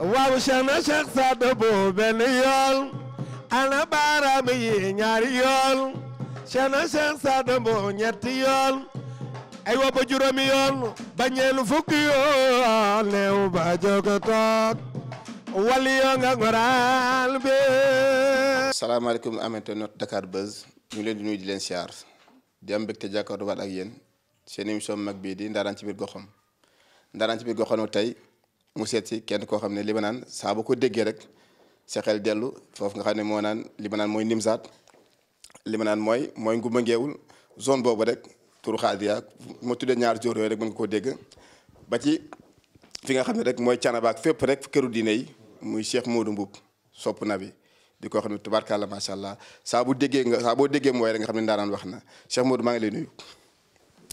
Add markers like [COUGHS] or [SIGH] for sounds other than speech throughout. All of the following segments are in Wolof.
waaw cheikh na cheikh Saadu Bou benn yool ana baaraam yi ñaari yool cheikh na cheikh Saadu Bou ñetti yool ay wa ba yool ba ñeenu yool neew ba jóg toog wali yoo nga ngoral bi salaamaaleykum amante not Dakar Buzz ñu leen di nuyu di leen siyaar di am mbégte jàkkaarloo waat ak yéen seen émission mag bii ndaaraan ci biir goxam ndaaraan ci biir goxam tey mu seet si kenn koo xam ne li ma naan saa ba ko déggee rek sa dellu foofu nga xam ne moo naan li ma naan mooy Nimzaat li ma naan mooy mooy Ngumba Ngeewul zone boobu rek turu Xaadiya ma tuddee ñaar joor yooyu rek mën nga koo dégg ba ci fi nga xam ne rek mooy Canaba ak fépp rek këru diine yi muy Cheikh Modou Mboub sopp na bi di ko xam ne tubaarkàlla macha allah saa bu déggee nga saa boo déggee mooy rek nga xam ne ndaanaan wax na Cheikh Modou maa ngi lay nuyu.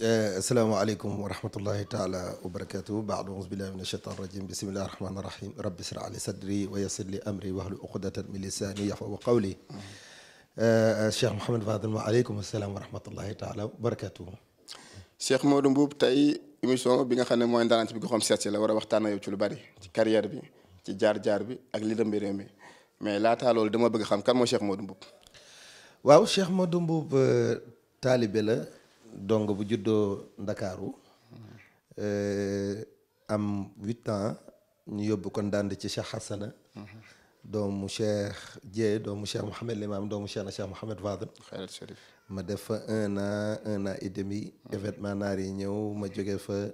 Eh, asalaamaaleykum wa rahmatullahi taala wa barakatuh baado aus billahi min asheitan rajim bisimillahi rahmaani rahim rabbi srah li sadri wa yassir li amri wahlu uqdatan min lisani yafqahu qawli cheikh eh, eh, Mouhamed Fadel ma aleykum asalaam wa rahmatullahi taala wa barakatuh cheikh Modou Mbuub tey émission bi nga xam ne mooy ndaanaan bi ko xam seet si la war a waxtaan yow ci lu bari ci carrière bi ci jaar-jaar bi ak li dem bi réew mi mais laataa loolu dama bëgg xam kan mooy cheikh Modou Mbuub waaw cheikh Modou Mbuub taalibe la dong bu juddoo ndakaaru eh, am huit ans ñu yóbbu kon ndànd ci Cheikh Hassana doomu Cheikh Dieye doomu Cheikh Mouhamed Limam doomu Cheikh na Cheikh Mouhamed Fadel ma def fa un an un an et demi naar yi ñëw ma jóge fa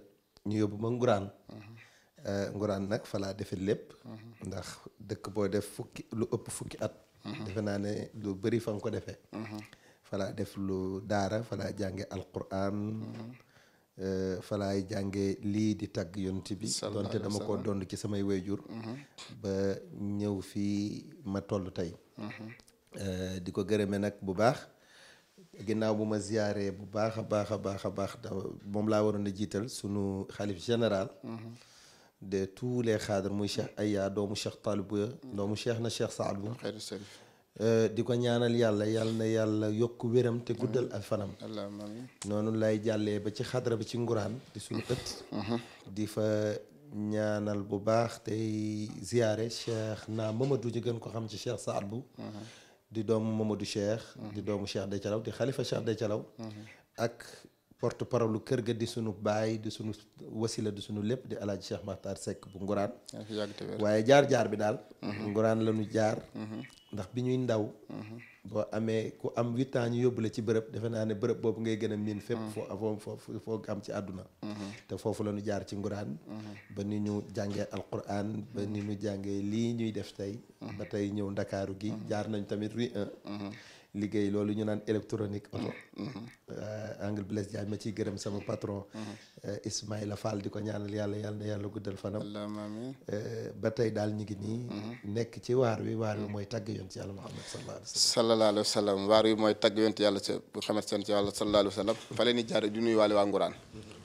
ñu yóbbu ma nguraan eh, nguraan nag falaa defe lépp ndax dëkk boo def fukki lu ëpp fukki at mhm. defe naa ne lu bëri fa ko defee mhm. falaa def lu daara falaa jànge alquran mm-hmm. eh, falaay jànge lii di tagg yonent bi donte dama ko dond ci samay wayjur mm-hmm. ba ñëw fii ma toll tey mm-hmm. eh, di ko gërëme nag bu baax ginnaaw bu ma ziyaaree bu baax a baax a baax a baax moom laa waroon a jiital sunu xalif général de tous les xaadar muy cheikh aya doomu cheikh Talibou doomu cheikh na cheikh Saad Bou Euh, di ko ñaanal yàlla yàlla na yàlla yokk wéram te guddal ak fanam noonu lay jàllee ba ci xadra ba ci nguraan di suñu ëtt uh-huh. di fa ñaanal bu baax tey ziyaare cheikh naa mamadou ci gën ko xam ci cheikh saad bu uh-huh. di doomu mamadou cheikh uh-huh. di doomu cheikh de calaw di xalifa cheikh de calaw ak porte parole kër ga di sunu baay di sunu wasila di sunu lépp di alaaji Cheikh Makhtar Seck bu Nguraan ah, waaye jaar jaar bi daal mhm. Nguraan la ñu jaar mhm. ndax bi ñuy ndaw mhm. boo amee ku am huit ans ñu yóbbu ci bërëb defe naa ne bërëb boobu ngay gën a miin fépp foo am ci àdduna te foofu la ñu jaar ci nguraan ba ni ñu jàngee alquran ba ni ñu jàngee lii ñuy def tey ba tey ñëw ndakaaru gi jaar nañ tamit rue 1 liggéey loolu ñu naan électronique oto mm-hmm. euh, Angle Blaise Diagne ma ciy gërëm sama patron mm-hmm. euh, Ismaïla faal di ko ñaanal yàlla yàlla na yàlla guddal fanam euh, ba tey daal ñu ngi nii mm-hmm. nekk ci waar wi waar wi mooy tagg yonent yàlla Muhammad sallallahu alayhi wa sallam waar wi mooy tagg yonent yàlla Muhammad sallallahu alayhi wa sallam fa leen di jaare du nuyu waale waa Nguraan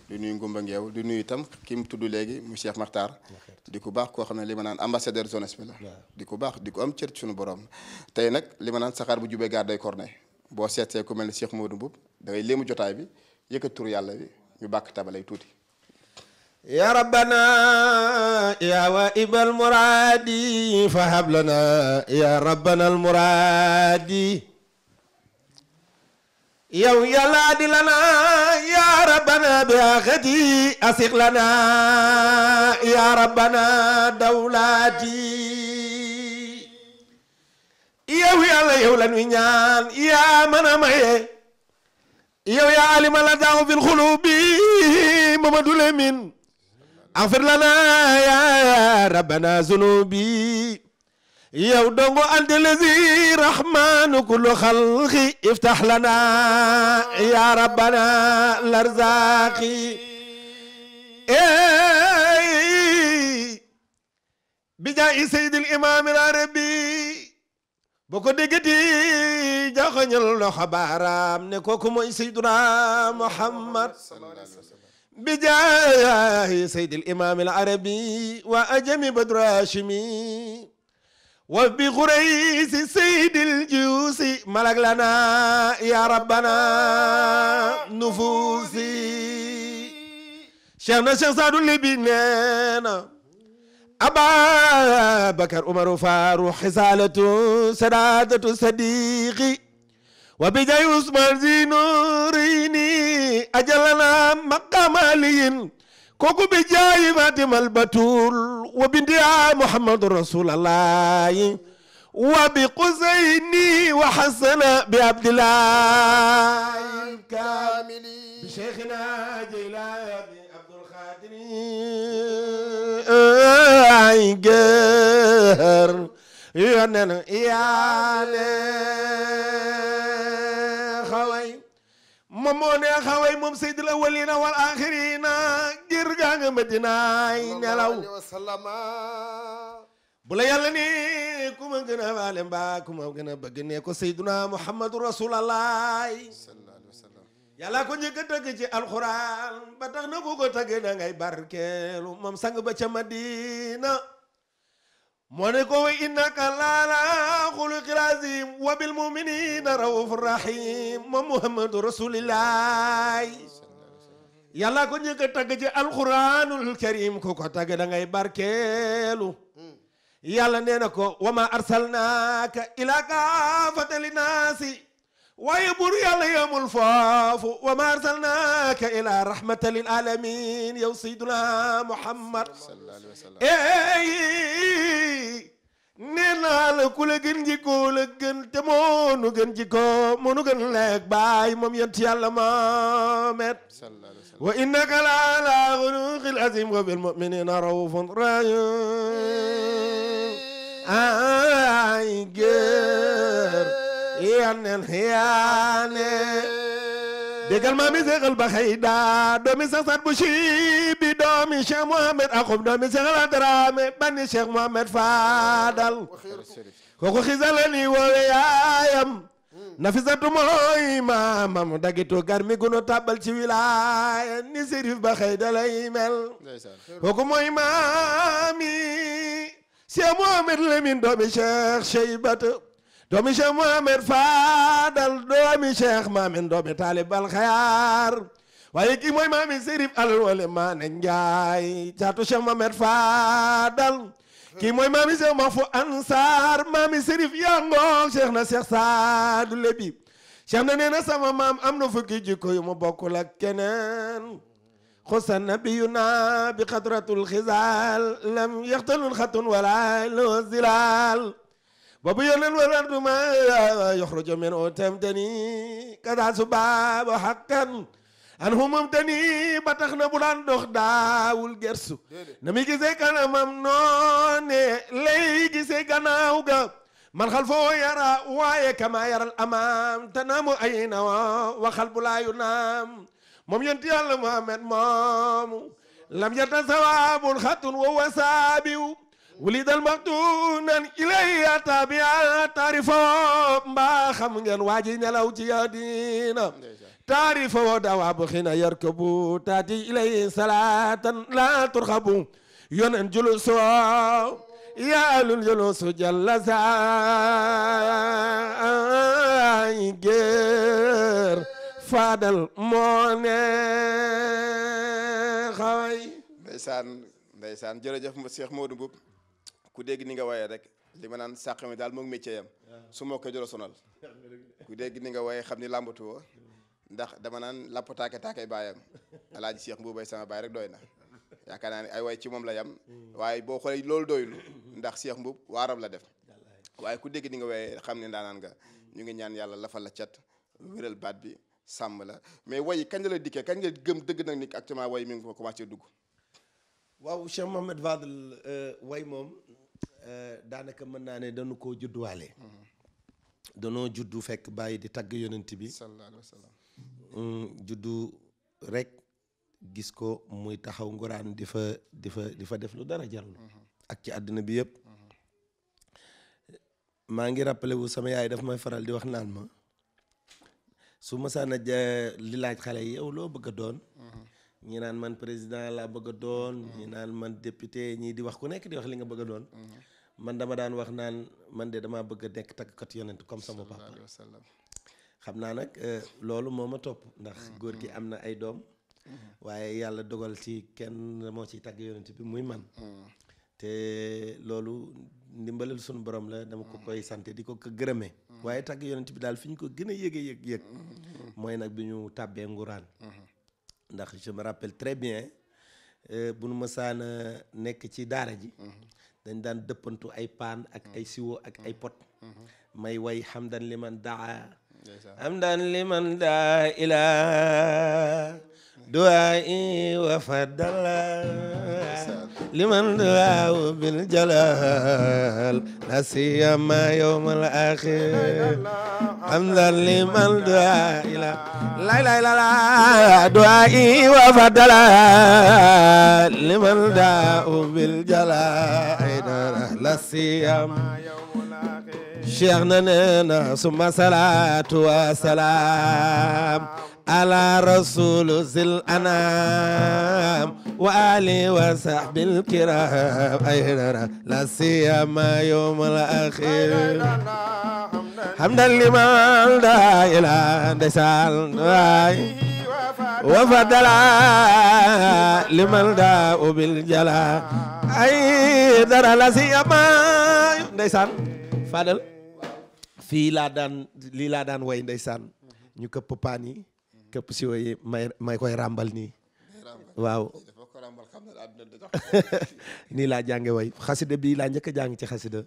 di nuyu Ngumba Ngeew di nuyu itam ki mu tudd léegi mu Cheikh Makhtar di ku baax koo xam ne li ma naan ambassadeur jeunesse bi la di ku baax di ko am cër ci suñu borom tey nag li ma naan saxaar bu jubee gaar day boo seetsee ku mel ne Cheikh Modou Mboup da ngay léemu jotaay bi yëkkat tur yàlla bi ñu bàkk tabalay tuuti yaa rabbana ya wa ibal muraadi fa hablana ya rabbana al muraadi yow yàlla di lana yaa rabbana bi axati asiq lana yaa rabbana dawlaati yow yàlla yow la ñuy ñaan yaa mën a maye yow yaa alima la daaw fil xulubi Mamadou Lamine axfir lana yaa rabbana zunubi yow dongo ante lazi rahmanu kullu xalqi iftax lana ya rabbana larzaqi ey bi jaayi sayyidil imaami rabbi boo ko déggati joxoñal loxo baaraam ne kooku mooy sayyiduna Muhammad bi jaayi sayyidil imaami arabi wa ajami badru hashimi wa bi xuraysi seydil juusi malak lana ya rabbana nufuusi cheikh na cheikh saadu libi neena aba bakar umaru faaru xisaalatu sadaadatu sadiqi wa bi jay usman zi nurini ajalana maqaama aliyin kooku bi jaayi Faatimal Batuul wa bindiyaa Muhammadu Rasulallaahi wa bi Xuseyni wa Xasana bi Abdillaahi kaamili bi Cheikhina Jeylaani Abdul Xaadiri ay gër yonen yaale moom moo a way moom sayyidul awwalina wal axirina ngir gaa nga madinaay nelaw bu la yàlla ni ku ma gën a waale mbaa ku ma gën a bëgg ne ko sayyiduna muhammadu rasulallah yàlla ko njëkk a tëgg ci alxuraan ba tax na ku ko tëgg da ngay barkeelu moom sang ba ca madina moo ne ko wa innaka laala xuluqil azim wa bil muminina rauf rahim moom muhammadu rasulillahi yàlla ko njëkk a tagg ci alquranul karim ku ko tagg da ngay barkeelu yàlla nee na ko wa ma arsalnaaka ila kaafata linnaasi waaye buur yàlla yamul foofu wa ma arsalnaaka ila rahmatan lil alamin yow sayduna muhammad eey nee naa la ku la gën jikoo la gën te moonu gën jikoo moonu gën leeg baay moom yent yàlla maamet wa innaka la ala xuluqil azim wa bil muminina raufun rahim ay gër yanen yane déggal maa mi seexal ba xayda doomi saxsat bu cibi doomi cheikh mohamed axub doomi seexal adrame bani cheikh mohamed fadal kooku xisalani woowe yaayam nafisatu mooy maamam dagitu gar gunu tàbbal ci wilaaya ni sérif ba xayda mel kooku mooy maami cheikh mohamed lemin doomi cheikh cheybata doomi Cheikh Mohamed Fadal doomi Cheikh Mamin doomi Talib Al Khayar waaye kii mooy Mamin Serif Alwale Maane Njaay caatu Cheikh Mohamed Fadal kii mooy Mamin Cheikh Mahfou Ansar Mamin Serif yangoog Cheikh na Cheikh Saadu Lebi Cheikh na nee sama maam am na fukki jikko yu ma bokkul ak keneen xusa nabiyuna bi xadratul xisaal lam yaxtalul xatun wala lo zilaal وبيل الورد ما يخرج منه تمتني كذا سباب حقا an humam tani ba tax na bu daan dox daawul gersu na mi gisee kanamam noone lay gisee gannaaw ga man xal foo yara waaye kama yaral amaam tanaamu ay nawa waxal bu laayu naam moom yonent yàlla Muhammad moomu lam yarta sawaabul xatun wa wasaabiw ولid almaktunan ilaya tabia taarifo mbaa xam ngeen waa ji nelaw ci yadina taarifo dawaabu xina yarkabu taati ilay salatan la turxabu yonen juluso yaalul julusu jalla saay géer faadal moo ku dégg ni nga waaye rek li ma naan sàq mi daal moog métier yam su moo ko jëlo sonal [LAUGHS] ku dégg ni nga waaye xam ni làmbatu ndax dama naan lapp taake taakay a laaj seex Mbuubay sama baay rek doy na yaakaar naa ne ay way ci moom la yam waaye boo xoolee loolu doylu ndax seex Mbuub waaram la def waaye ku dégg ni nga waaye xam ne ndaanaan nga ñu ngi ñaan yàlla lafa la cat wéral baat bi sàmm la mais way kañ la dikkee kañ nga gëm dëgg nag ni actuellement way mi ngi ko commencé dugg waaw Cheikh euh, way moom Euh, daanaka mën naa ne danu koo judduwaale. danoo juddu fekk bàyyi di tagg yonant bi. sallallahu alayhi wa sallam. Mm, juddu rek gis ko muy taxaw nguraan di fa di fa di fa def lu dara jarul. Mm-hmm. ak ci àddina bi yëpp. Mm-hmm. maa ngi rappelé wu sama yaay daf may faral di wax naan ma su ma saan a li laaj xale yow loo bëgg a doon. ñi naan man président laa bëgg a doon. ñi naan man député ñii di wax ku nekk di wax li nga bëgg a doon. Mhm. man dama daan wax naan man de damaa bëgg a nekk tàggkat yonent comme sama papa. xam naa nag euh, loolu moo ma topp. ndax mhm. góor gi am na ay doom. Mhm. waaye yàlla dogal ci kenn moo ciy tàgg yonent bi muy man. te loolu ndimbalal sunu borom la dama ko koy sant di ko ko gërëmee. waaye tàgg yonent bi daal fi ñu ko gën a yëge yëg yëg. mooy nag bi ñu tàbbee nguraan. ndax je me rappelle très bien euh, bu nu mësaan nekk ci daara ji dañ daan dëppantu ay paan ak ay ak ay pot mm-hmm. Mm-hmm. may way xamdan liman daa hamdan liman daa ila duwaa'i wa faddala liman duwaawu bil jalal nasiyama yawmal axir hamdan liman daa ila la ilaha illallah duwaa'i wa faddala liman daawu bil jalal nasiyama cheikh na neena suma salaatu wa salaam ala rasulu zil anam wa ali wa sahbil kiram aydara la siyama yawm al akhir hamdan liman la ilaha ndesal wa fadala liman da bil jala aydara la siyama ndeysaan fadal fii laa daan lii laa daan way ndeysaan ñu këpp paan yi këpp si way may may koy ràmbal nii waaw [LAUGHS] nii laa jànge way xasida bii laa njëkk jàng ci xasida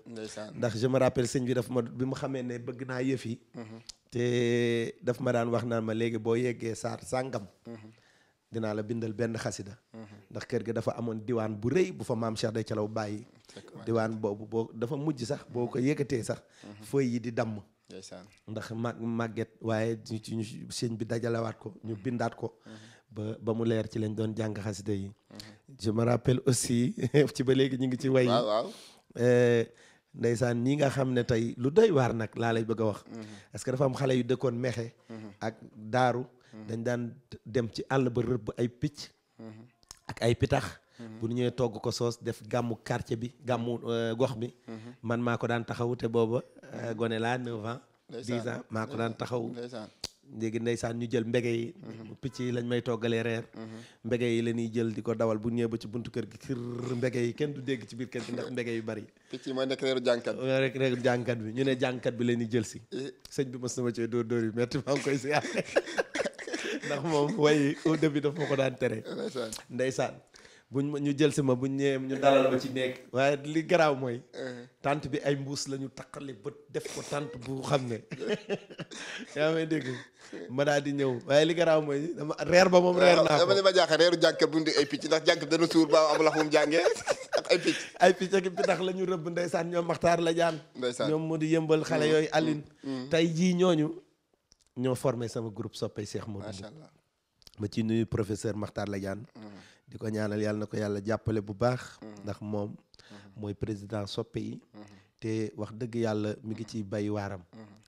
ndax je me rappelle bi daf ma bi mu xamee ne bëgg naa yëf yi mhm. te daf ma daan wax naan ma léegi boo yeggee saar sàngam mhm. dinaa la bindal benn xasida mhm. ndax kër gi dafa amoon diwaan bu rëy bu fa maam Cheikh day calaw bàyyi diwaan boobu boo dafa mujj sax boo ko yëkkatee sax mhm. fooy yi di damm ndax mag màgget waaye ci sëñ bi dajalewaat ko ñu mhm. bindaat ko ba ba mu leer ci lañ doon jàng xasida yi je aussi [LAUGHS] ci ba léegi ñu ngi ci way waaw eh, ndeysaan ñi nga xam ne tey lu doy waar nag laa lay bëgg a wax parce que dafa am xale yu dëkkoon mexe ak daaru dañ daan dem ci àll ba rëbb ay picc ak ay pitax bu ñu ñëwee togg ko soos def gàmmu quartier bi gàmmu euh, gox bi man maa ko daan taxaw te booba euh, gone laa neuf ans maa ko daan taxaw léegi ndeysaan ñu jël mbege yi picc yi lañ may toggalee reer mbege yi la ñuy jël di ko dawal bu ñëwee ba ci buntu kër gi kir mbege yi kenn du dégg ci biir kër gi ndax mbege yu bari picc yi mooy nekk reeru jànkat bi rek reeru jànkat bi ñu ne jànkat bi la ñuy jël si eh. sëñ bi mos na ma cee dóor dóor yu metti maa ngi koy siyaare [LAUGHS] ndax moom way au début daf ma ko daan tere. ndeysaan buñ ma ñu jël si ma buñ ñëwee ñu dalal ma ci nekk. waaye li garaaw mooy. Uh-huh. tante bi ay mbuus la ñu takkale ba def ko tante bu xam ne. [LAUGHS] yaa may dégg ma daal di ñëw waaye li garaaw mooy dama reer ba moom. reer naa ko dama ne ma jaaxal reeru jànkat bu ñu di ay picc ndax jànkat dana suur ba amul ax mu jàngee. [LAUGHS] ay picc ay picc ak pitax la ñu rëbb ndeysaan ñoom taar la jaan. ndeysaan ñoom moo di yëmbal xale mm-hmm. yooyu Aline. Mm-hmm. tey jii ñooñu. ñoo formé sama groupe soppay Cheikh Modou. macha allah ma ci nuyu professeur Makhtar Ladiane. Mm. di ko ñaanal yàlla na ko yàlla jàppale bu baax. Mm. ndax moom mm. mooy président soppe yi. te wax dëgg yàlla mi ngi ciy bay waaram.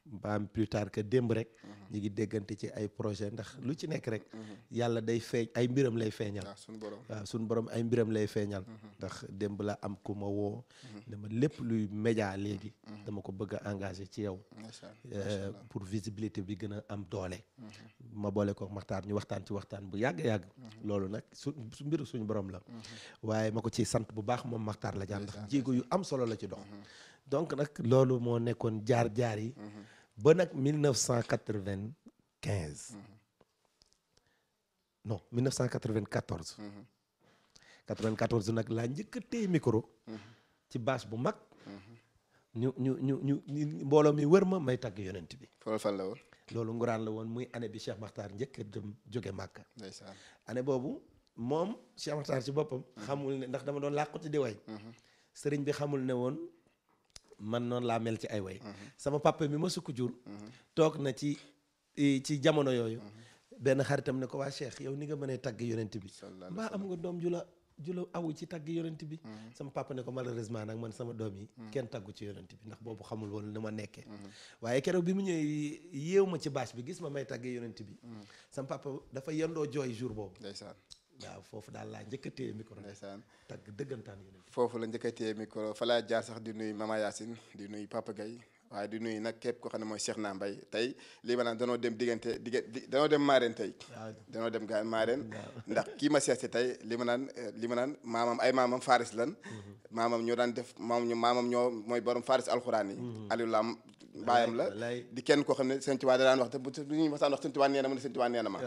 baam plus tard que démb rek. Mhm. ñu ngi déggante ci ay projet ndax lu ci nekk rek. Mhm. yàlla day feeñ ay mbiram lay feeñal. Ah, waaw suñu borom suñu borom ay mbiram lay feeñal. Mhm. ndax démb la am ku ma woo. dama lépp luy média léegi. dama ko bëgg engage ci yow. Euh, pour visibilité bi gën a am doole. ma boole ko maxtaar ñu waxtaan ci waxtaan bu yàgg yàgg. loolu nag su mbiru suñu borom la. waaye ma ko ciy sant bu baax moom maxtaar la jaan ndax jéego yu am solo la ci dox. donc nag loolu moo nekkoon jaar jaar yi. ba nag 1995. non 1994. 94 nag laa njëkk a téye micro. ci bâche bu mag. ñu ñu ñu ñu mbooloo mi wër ma may tagg yonent bi. foofu loolu nguraan la woon muy année bi Cheikh Makhtar njëkk a dem jóge boobu moom Cheikh Makhtar ci boppam. xamul ne ndax dama doon làqu ci di way. bi xamul ne woon man noonu laa mel ci ay way mhm. sama papa mi ma sukk jur mhm. toog na ci ci jamono yooyu mhm. benn xaritam ne ko waa Cheikh yow ni nga mënee tagg yonent bi mbaa am nga doom ju la ju la awu ci tagg yonent bi sama papa ne ko malheureusement nag man sama doom yi kenn taggu ci yonent bi ndax boobu xamul woon ni ma nekkee waaye keroog bi mu ñëwee yéew ma ci bâche bi gis ma may tagg yonent bi sama papa dafa yendoo jooy jour boobu waaw foofu daal laa njëkk a téye micro. ndeysaan tagg dëggantaan yéen foofu la njëkk a téye micro fa laa jaar sax di nuyu Mama Yacine di nuyu Papa Gueye waaye di nuyu nag képp ko xam ne mooy seex naa Mbaye tey lii ma naan danoo dem diggante diggante danoo dem maareen tey danoo dem gaa maareen ndax kii ma seet si tey li ma naan li ma naan maamam ay maamam Faris lan mm-hmm. maamam ñoo daan def maamam ñu maamam ñoo mooy borom Faris alxuraan yi mm-hmm. Aliou Lam mbaayam la kenn koo xam ne Sëñ Tuubaa da daan wax te bu ñuy masaan wax Sëñ Tuubaa nee na ma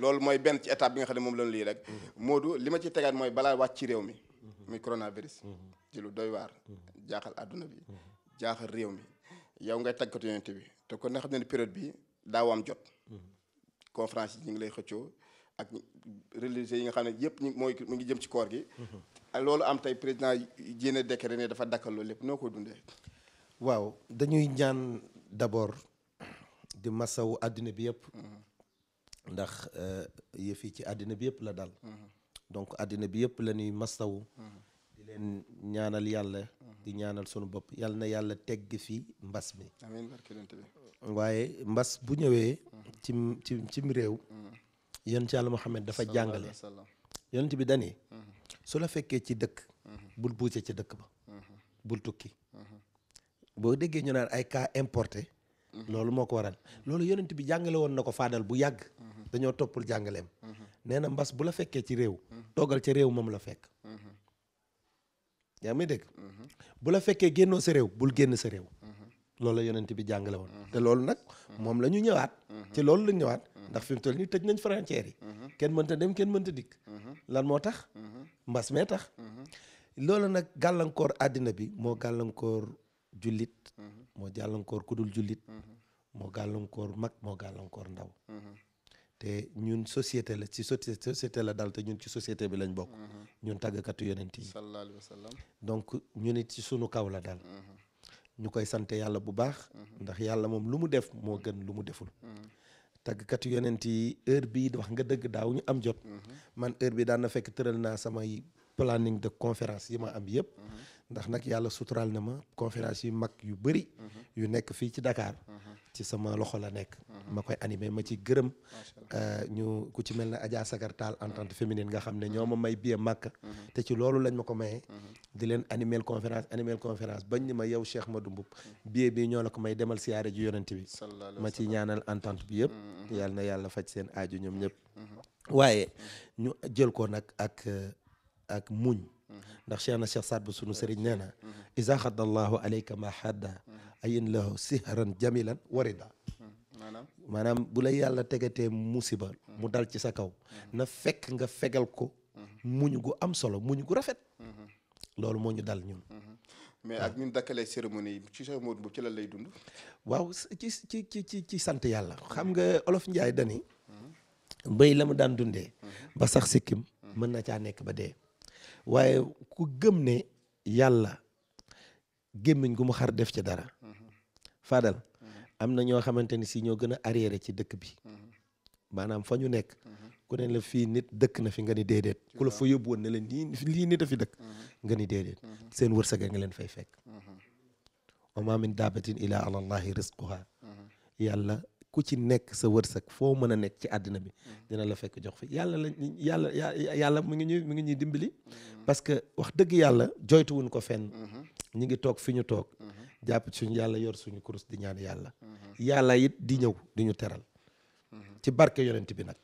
loolu mooy benn ci bi nga xam ne moom lañu lii rek mm-hmm. Modou li ma ci tegaat mooy balaa wàcc ci réew mi muy coronavirus ci lu doy waar. jaaxal àdduna bi. jaaxal réew mi yow ngay tàggatu yonent bi te kon nga xam ne période bi daaw am jot. conférence yi ñu ngi lay xëccoo ak religieux yi nga xam ne yëpp ñu mooy mu ngi jëm ci koor gi. loolu am tey président jéem a décret ne dafa dakkaloo lépp noo ko dundee. waaw dañuy ñaan d'abord di masawu àddina bi yëpp. ndax euh, yëf yi ci àddina bi yëpp la dal. Mm-hmm. donc àddina bi yëpp la ñuy masawu. Mm-hmm. leen ñaanal yàlla di ñaanal sunu bopp yàlla na yàlla tegg fi mbas mi amiin waaye mbas bu ñëwee cim cim réew yonent yàlla Muhammad dafa jàngale yonent bi dani mhm. su la fekkee ci dëkk mhm. bul buuse ca dëkk ba mhm. bul tukki boo déggee ñu naan ay cas importe loolu moo ko waral loolu yonent bi jàngale woon na ko faadal bu yàgg dañoo toppul jàngaleem nee mbas bu la fekkee ci réew toogal ca réew moom la fekk yaa ngi may bu la fekkee génnoo sa réew bul génn sa réew. loolu la yonent bi jàngale woon. te loolu nag moom la ñu ñëwaat. ci loolu la ñëwaat. ndax fi mu toll nii tëj nañ frontière yi. kenn mënta dem kenn mënta dikk. lan moo tax. mbas mee tax. loolu nag gàllankoor àddina bi moo gàllankoor jullit. moo gàllankoor kudul jullit. moo gàllankoor mag moo gàllankoor ndaw. te ñun société la ci société la daal te ñun ci société bi lañ bokk mm-hmm. ñun tàggkatu yonent yi sallallahu alayhi wa sallam donc ñu nit ci sunu kaw la daal mm-hmm. ñu koy sante yàlla bu baax mm-hmm. ndax yàlla moom lu mu def moo gën lu mu deful tàggkatu yonent yi heure bii wax nga dëgg daaw ñu am jot man heure bi daan na fekk tëral naa samay planning de conférence yi ma am yëpp ndax nag yàlla suturaal na ma conférence yu mag yu bëri yu nekk fii ci Dakar ci sama loxo la nekk ma koy animé ma ci gërëm euh, ñu ku ci mel ne Adja Sagartal entente mm-hmm. féminine nga xam ne ñoo ma mm-hmm. may bie màkk mm-hmm. te ci loolu lañ ma ko may di leen animel conférence animel conférence bañ ni ma yow Cheikh Madou Mboup bie bi ñoo la ko may demal siyaare ji yonent bi ma ci ñaanal entente bi yëpp yàlla na yàlla faj seen aaju ñoom ñëpp waaye ñu jël ko nag ak euh, ak muñ ndax cheikh na cheikh saat bu sunu sëriñ nee na isa xaddallahu alayka ma xadda ayin lahu sihran jamilan warida maanaam bu la yàlla tegatee musiba mu dal ci sa kaw na fekk nga fegal ko muñ gu am solo muñ gu rafet loolu moo ñu dal ñun mais ak ñun dakkalee cérémonie yi ci sa mot bu ci lan lay dund waaw ci ci ci ci ci sant yàlla xam nga olof njaay dani mbéy la mu daan dundee ba sax sikkim mën na caa nekk ba dee waaye ku gëm ne yàlla gémmiñ gu mu xar def ci dara fadal am na ñoo xamante ni si ñoo gën a arriéré ci dëkk bi maanaam fa ñu nekk ku ne la fii nit dëkk na fi nga ni déedéet ku la fa yóbbu woon ne la nii lii nit a dëkk nga ni déedéet uhuh. seen wërsëg nga leen fay fekk uhuh. wa ma min daabatin ila ala allahi risquha uhuh. yàlla ku ci nekk sa wërsëg foo mën a nekk ci àddina bi dina la fekk jox fi yàlla la yàlla yàlla mu ngi ñuy mu ngi ñuy dimbali parce que wax dëgg yàlla joytuwuñ ko fenn ñu ngi toog fi ñu toog mm-hmm. jàpp suñu yàlla yor suñu kurus di ñaan yàlla mm-hmm. yàlla it di ñëw di ñu teral mm-hmm. ci barke yonent bi nag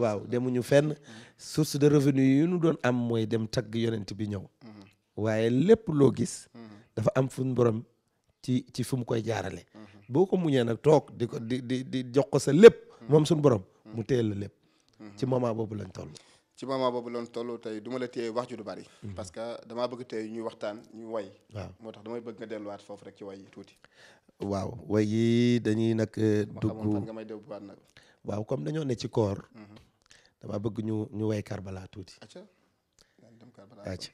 waaw demuñu fenn source de revenu yi ñu doon am mooy dem tagg yonent bi ñëw waaye lépp loo gis dafa am fu borom ci ci fu koy jaarale boo ko muñee nag toog di ko di di di jox ko sa lépp moom suñu borom mu téel la lépp ci moment boobu lañ toll ci moment boobu loon toll tey duma ma la téye wax ju du bari. Mm-hmm. parce que damaa bëgg tey ñu waxtaan ñu way. waaw moo tax damay bëgg nga delluwaat foofu rek ci way yi tuuti. waaw way yi dañuy nag. Euh, dugg nga may dégluwaat nag. waaw comme dañoo ne ci koor. Mm-hmm. damaa bëgg ñu ñu way Karbala tuuti. acca dem Karbala acca.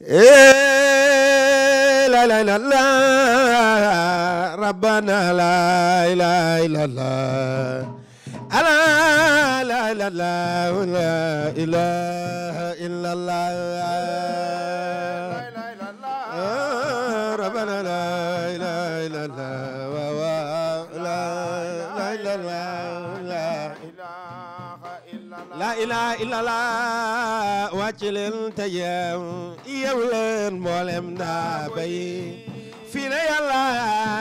Eh, la rabbana la ilaha illallah لا لا لا لا لا إله إلا الله ربنا لا إله إلا الله لا لا لا لا إله إلا الله واتلن تيام يولن مولم نابي fii la yàlla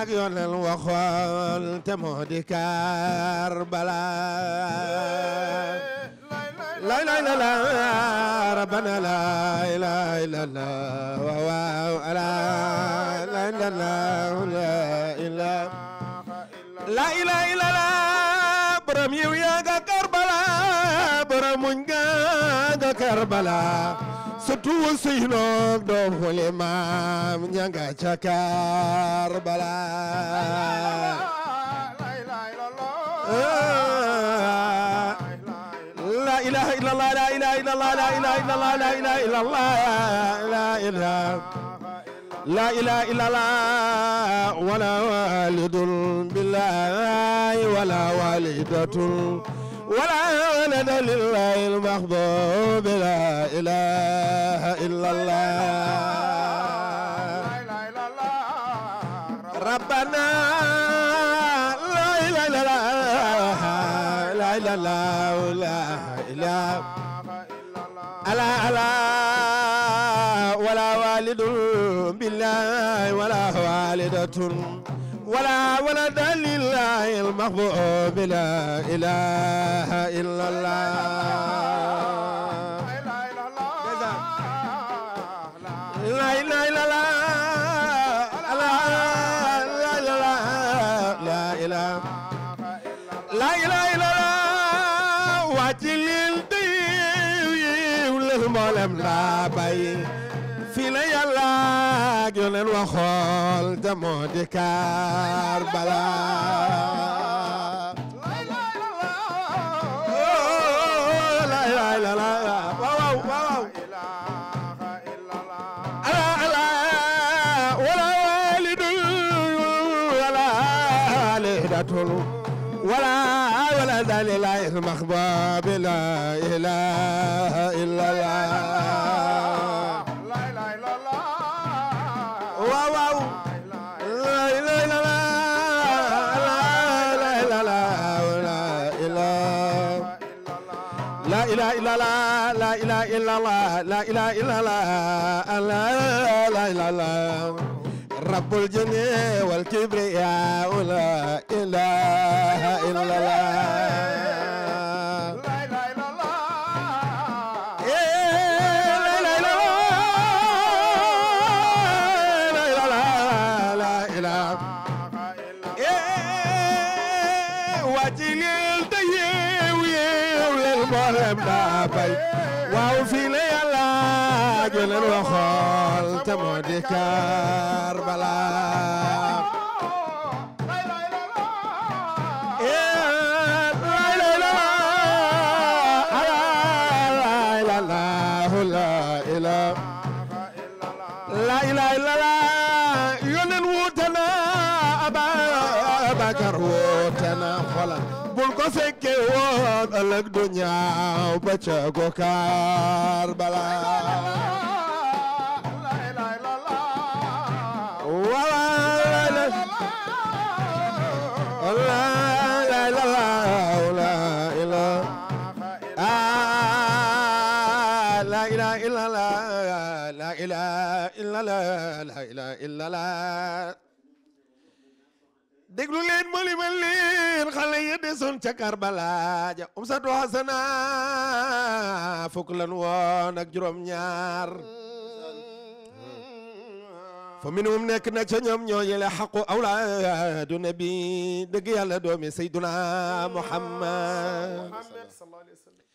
ak yonel waxoon di Karbala la ilaha illallah rabbana la ilaha illallah wa wa la nga Karbala sëtu wa sëy noog doomu limaam ña nga ca Karbala la ilaha illallah la ilaha illallah la ilaha illallah la ilaha illallah la ilaha لا إله إلا الله ولا والد بالله ولا ولد لله المحبوب لا إله إلا الله ربنا لا إله إلا الله لا إله إلا الله لا إله ألا ألا ولا والد بالله ولا والدة ولا ولد لله المحبوب لا إله إلا الله la bay fii la yàlla ak yoneen waxool te moo di kaar balaa ولا ولد لله المخبى بلا إله إلا الله إلا الله لا إله إلا الله لا إله إلا الله رب الجن والكبرياء لا إله إلا الله ëllëg du ñaaw ba ca gokaar balaa la la la la la déglu leen ma limal leen xale ya desoon ca Karbala ja umsatu hasana fukk lan woon ak juróom-ñaar fa minhum nekk na ca ñoom ñoo yële xaqu awlaadu nabi dëgg yàlla doomi sayduna Muhammad sallallahu alayhi wa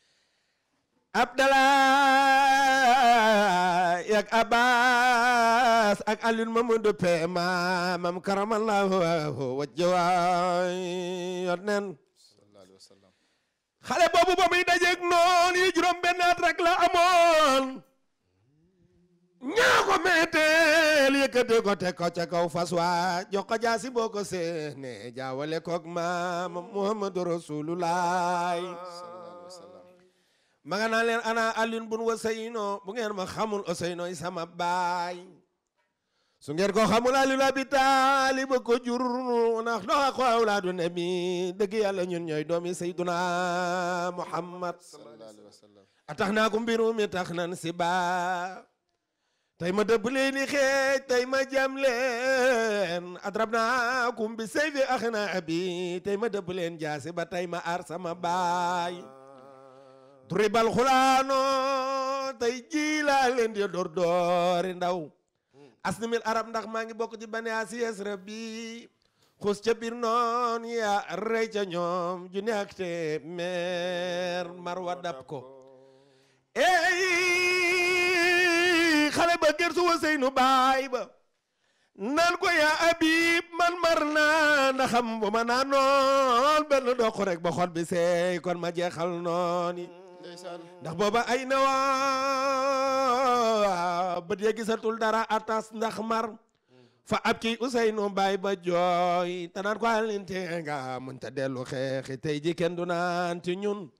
Abdalaay ak Abbas ak Alioune Mamadou Pé maamam karamallahu wajjawaay yoon nen xale boobu ba muy dajeeg noon yi juróom benn at la amoon ñaa ko meeteel yëkkatee ko ko ca kaw fas waa jox ko jaasi boo ko seene jaawale koog maamam Muhammadu Rasulullaay ma leen ana Alioune bun Ousseynou bu ngeen ma xamul Ousseynou yi sama baay su ngeen ko xamul Alioune Abi Taalib ba ko jur ndax doo ko awlaadu nabi dëgg yàlla ñun ñooy doomi Seyduna Muhammad sallallahu alayhi wa a tax naa ko mbiru tax nan si baa tey ma dëbb leen i xeej tey ma jam leen adrab bi sayfi axna abi tey ma dëbb leen jaasi ba tey ma aar sama baay turibal xulaano tey jii laa leen door doori ndaw asnimil arab ndax maa ngi bokk ci bane asies rab bi ca biir noon ya rey ca ñoom ju ne ak te meer marwa dab ko eey xale ba gër su wasey nu baay ba naan ko yaa abib man mar naa ndaxam bu ma naa noon benn doq rek ba xol bi seey kon ma jeexal nooni ndax booba ay nawa bët ya gisatul dara atas ndax mar fa ab kii Ousseynou Mbaye ba jooy te naan ko alinte nga muñ ta dellu xeexi tey ji kenn du naan ci ñun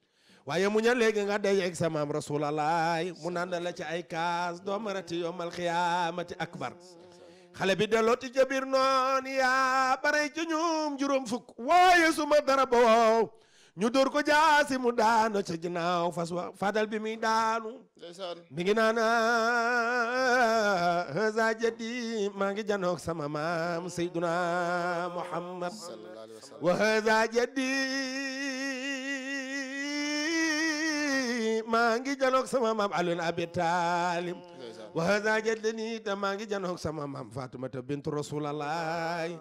waaye mu ña léegi nga day ak samaam rasulalaay mu naan la ci ay kaas doo marati yomal xiyaamati akbar xale bi delloo jabir noon yaa bare ci ñum juróom fukk waaye suma dara ba wow ñu dóor ko jaasi mu daano ca ginnaaw fas wa fadal bi muy daanu mi ngi naan ah, ah, za jaddi maa ngi janoog sama maam sayduna muhammad wa za jaddi maa ngi janoog sama maam alun abi talib wahada jaddani te maa ngi janoog sama maam Faatumata bintu rasulalaay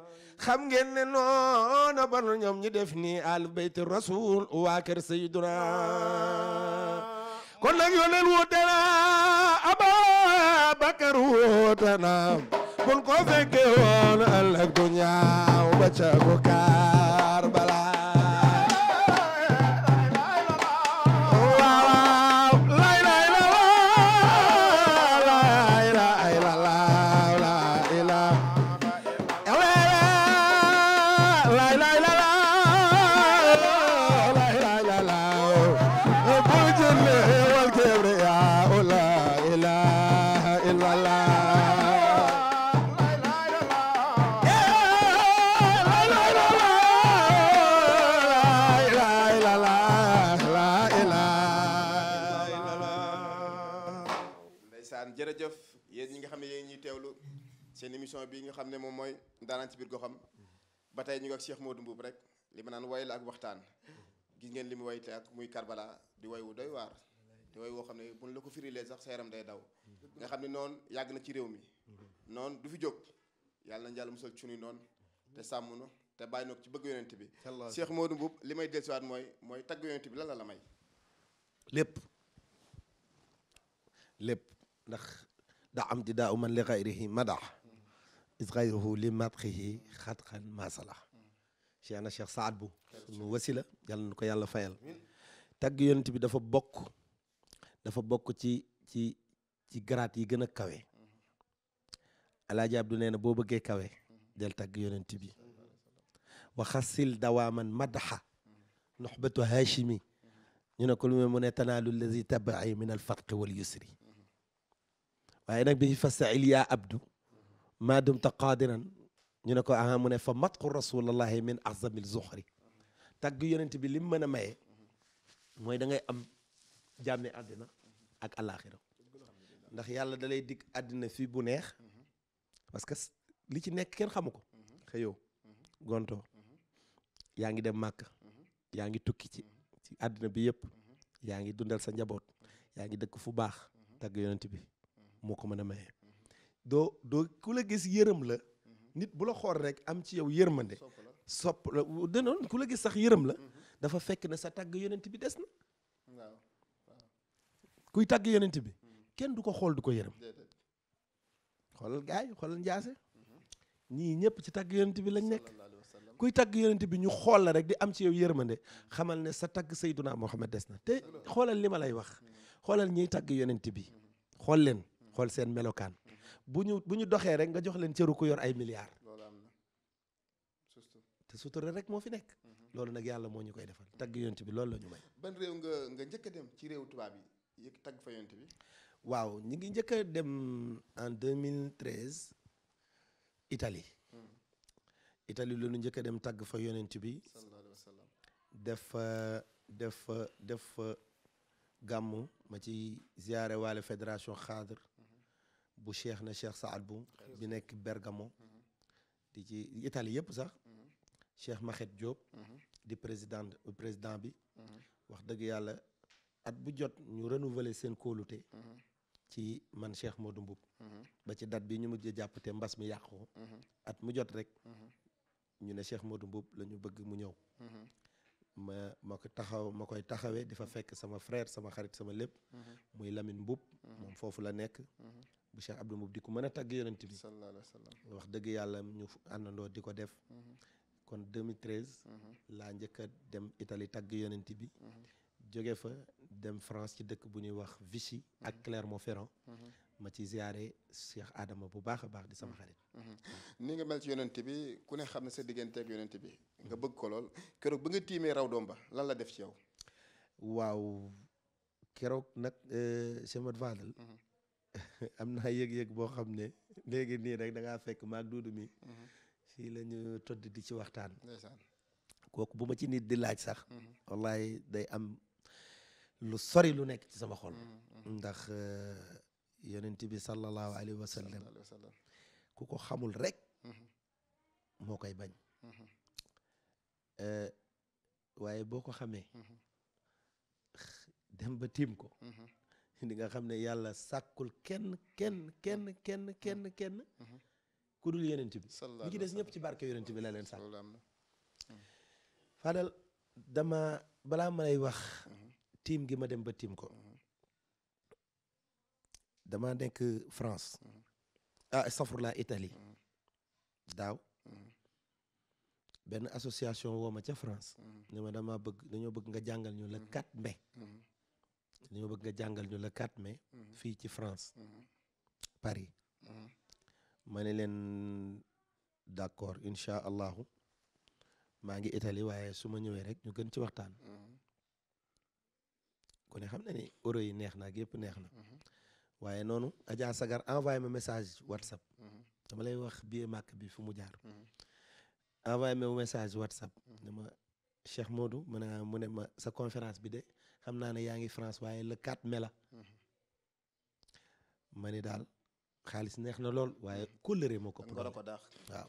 xam ngeen ne noona banu ñoom ñi def ni al bayt rasul waa kër sayyiduna kon nag yoneen wuute na Ababakar wuute na kun ko fekke woon ëllëg du ñaaw ba ca ne moom mooy daanaan ci biir goxam ba tey ñu ngi ak Cheikh Modou Mbuub rek li ma naan way la ak waxtaan gis ngeen li mu way te ak muy Karbala di way wu doy waar te way woo xam ne bu la ko firilee sax sa yaram day daw nga xam ne noon yàgg na ci réew mi noonu du fi jóg yàlla na jàll musal cunuy noon te sàmm na te bàyyi na ci bëgg yonent bi seex Modou Mbuub li may dellusiwaat mooy mooy tagg yonent bi lan la la may lépp lépp ndax da am di daa u man israihu li matxihi xatxan masala cheikhna cheikh saad bu sunu wasila yàlla na ko yàlla fayal tagg yonent bi dafa bokk dafa bokk ci ci ci garaat yi gën a kawe alaaji abdu nee na boo bëggee kawe del tagg yonent bi waxasil dawaaman madaxa noxbatu hashimi ñu ne ko lu mu ne tanaalu lazi tabai min alfatqi wal yusri waaye nag bi fasta il yaa abdu maa dumta qaadiran ñu ne ko aha mu ne fa matqu rasulallahi min azamil zuxri tagg yonent bi lim mën a maye mooy da am jàmme àddina ak alaxira ndax yàlla dalay lay dig àddina fii bu neex parce que li ci nekk kenn xamu ko xëyoo gontoo yaa ngi dem màkk yaa ngi tukki ci ci àddina bi yëpp yaa ngi dundal sa njaboot yaa ngi dëkk fu baax tagg yonent bi moo ko mën a maye doo doo ku la gis yërëm la mhm. nit bu la xool rek am ci yow yërmande sopp la danoon ku la gis sax yërëm la mhm. dafa fekk ne sa tàgg yonent bi des na kuy tagg yonent bi mhm. kenn du ko xool du ko yërëm xoolal gaay xoolal njaase ñii ñëpp ci tàgg yonent bi lañ nekk kuy tàgg yonent bi ñu xool la rek di am ci yow yërmande xamal ne sa tàgg sayduna Muhammad des na te xoolal li ma lay wax xoolal ñiy tagg yonent bi xool leen xool seen melokaan bu ñu bu ñu doxee rek nga jox leen cëru ku yor ay milliards. loolu am na te sutura rek moo fi nekk. Mhm. loolu nag yàlla moo ñu koy defal tagg yont bi loolu la ñu may. ban réew nga nga njëkk a dem ci réew tubaab yi yëg tag fa yont bi. waaw ñu ngi njëkk a dem en 2013 Italie. Mhm. Italie la ñu njëkk a dem tagg fa yonent bi. sallallahu alayhi wa sallam. def def def gàmm ma ci ziare waale fédération xaadar bu cheikh na cheikh Saad bu bi nekk Bergamo di ci Italie yëpp sax cheikh Mahet Diop di président président bi wax dëgg yàlla at bu jot ñu renouveler seen kóolute ci man cheikh Modou Mboup ba ci date bi ñu mujj jàpp te mbas mi yàq ko at mu jot rek ñu ne cheikh Modou Mboup lañu bëgg mu ñëw ma ma ko taxaw ma koy taxawee di fa fekk sama frère sama xarit sama lépp muy Lamine Mboup moom foofu la nekk bu Cheikh Abdou Mboub di ko mën a tàgg yonent bi wa wax dëgg yàlla ñu àndandoo di ko def mhm. kon 2013 mhm. laa njëkk a dem Italie tagg yonent bi mhm. jóge fa dem France ci dëkk bu ñuy wax Vichy ak Clermont-Ferrand ma ci ziare Cheikh Adama bu baax a baax di sama xarit ni nga mel ci yonent bi ku ne xam ne sa diggante ak yonent bi nga bëgg ko lool keroog ba nga tiimee raw doom ba lan la def ci yow waaw keroog nag euh, Cheikh Mat [LAUGHS] am naa yëg-yëg boo xam ne léegi nii rek da fekk maag duudu mi mhm. fii la ñu di ci waxtaan kooku bu ma ci nit di laaj sax mhm. wallahi day am lu sori lu nekk ci sama xol mhm, ndax euh, yonent bi sallallahu alayhi wa ku ko xamul rek moo koy bañ euh, waaye boo ko xamee dem ko di nga xam ne yàlla sàkkul kenn kenn kenn kenn kenn kenn ku dul yonent bi ñi des ñëpp ci barke yonent bi la leen sàkk hmm. Fadel dama balaa ma wax tiim gi ma dem ba tiim ko hmm. dama nekk France hmm. ah safurlaa Italie daaw benn association woo ma ca France ne ma dama bëgg dañoo bëgg nga jàngal ñu la 4 mai dañoo bëgg nga jàngal ñu la 4 mai. Mhm. fii ci France. Mhm. Paris. Mhm. ma ne leen d' accord incha allahu maa ngi itali waaye su ma ñëwee rek ñu gën ci waxtaan. kon ne xam na ni euro yi neex na ak neex na. waaye noonu Adja Sagar envoyé ma message WhatsApp. dama lay wax billet màkk bi fu mu jaar. envoyé message WhatsApp. ne ma Cheikh Modou mu ne ma sa conférence bi de. xam naa ne yaa ngi France waaye le 4 mai la ni daal xaalis neex na lool waaye kóllëre moo ko waaw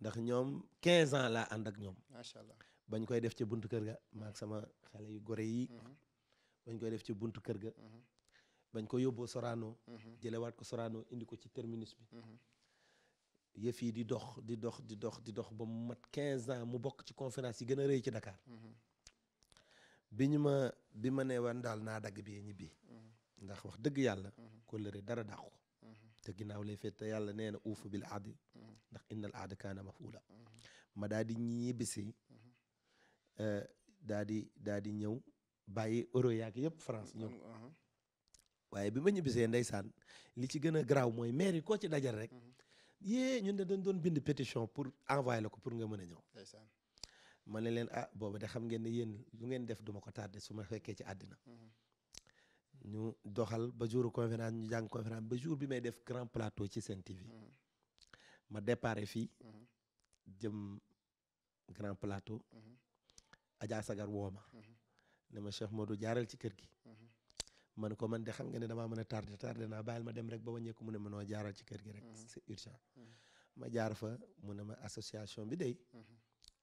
ndax ñoom 15 ans laa ànd ak ñoom macha allah bañ koy def ci buntu kër ga maak sama xale yu gore yi mhm. bañ koy def ci buntu kër ga mhm. bañ ko yóbboo Sorano mhm. jëlewaat ko Sorano indi ko ci terminus bi yëf yi di dox di dox di dox di dox ba mu mat quinze ans mu bokk ci conférence yi gën a rëy ci dakaar bi ñu ma bi ma nee woon daal naa dagg bi ñibbi ndax wax dëgg yàlla kóllëre dara dàqu te ginnaaw lay te yàlla nee na uufu bil aadi ndax innal aada kaana mafuula ma daal di ñibbisi euh, daal di daal di ñëw bàyyi euro yaag yëpp France ñëw waaye bi ma ñibbisee saan li ci gën a garaaw mooy maire yi koo ci dajal rek yée ñun de doon doon bind pétition pour envoyer la ko pour nga mën a ñëw ma ne leen ah booba de xam ngeen ne yéen lu ngeen def duma ko tardé su ma fekkee ci àddina mm-hmm. ñu doxal ba jur conférence ñu jàng conférence ba jour bi may def grand plateau ci Sen mm-hmm. ma déparé fii mm-hmm. jëm grand plateau Adja Sagar wooma ne ma moo du jaaral ci kër gi man ko man de xam nga ne damaa mën a tardé tardé naa bàyyil ma dem rek ba wàññeeku mu ne mënoo jaaral ci kër gi rek c'est urgent ma jaar fa mu ne ma association bi day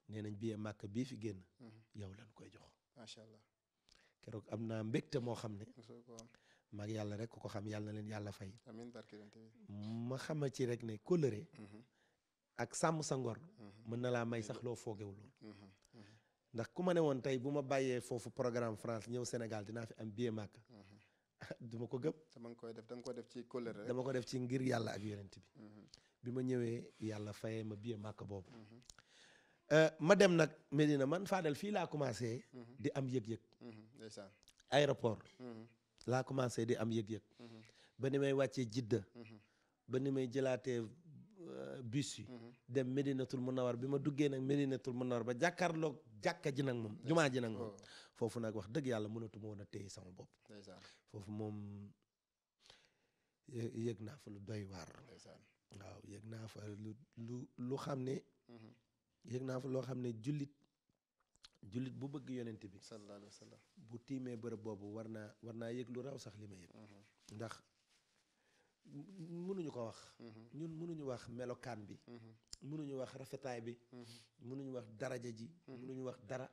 nee nañ billet màkk bii fi génn. Mm-hmm. yow lañ koy jox. macha allah keroog am naa mbégte moo xam ne. mag yàlla rek ku ko xam yàlla na leen yàlla fay. amiin barke ma xama ci rek ne kóllëre. Mm-hmm. sàmm sa ngor. Mm-hmm. mën na laa may sax loo foogewul ku ma ne woon tey bu ma bàyyee foofu programme France ñëw Sénégal dinaa fi am billet màkk. [LAUGHS] duma ko gëm. dama koy def dama ko def ci kóllëre rek. ko def ci ngir yàlla ak yonent bi. bi ma ñëwee yàlla fayee ma billet màkk boobu. Euh, ma dem nag Medina man Fadel fii laa commencé. Mhm. di am yëg-yëg. Mhm, ndeysaan aéroport. Mhm. laa commencé di am yëg-yëg. ba ni may wàccee Jidda. ba ni may jëlaate jëlaatee euh, bus yi. dem na war bi ma duggee nag Medinatul Munawar ba jàkkaarloog jàkka ji nag moom jumaa ji moom. Oh. foofu nag wax dëgg yàlla mënatuma woon a téye sama bopp. foofu moom yëg naa fa lu doy waar. waaw yëg naa fa lu xam ne. yëg naa fa loo xam ne jullit jullit bu bëgg yonent bi sallallahu alayhi bu tiimee bërëb boobu war naa war naa yëg lu raw sax li ma yëg mhm. ndax mënuñu ko wax mhm. ñun mënuñu wax melokaan bi mhm. mënuñu wax rafetaay bi mënuñu wax daraja ji mënuñu wax dara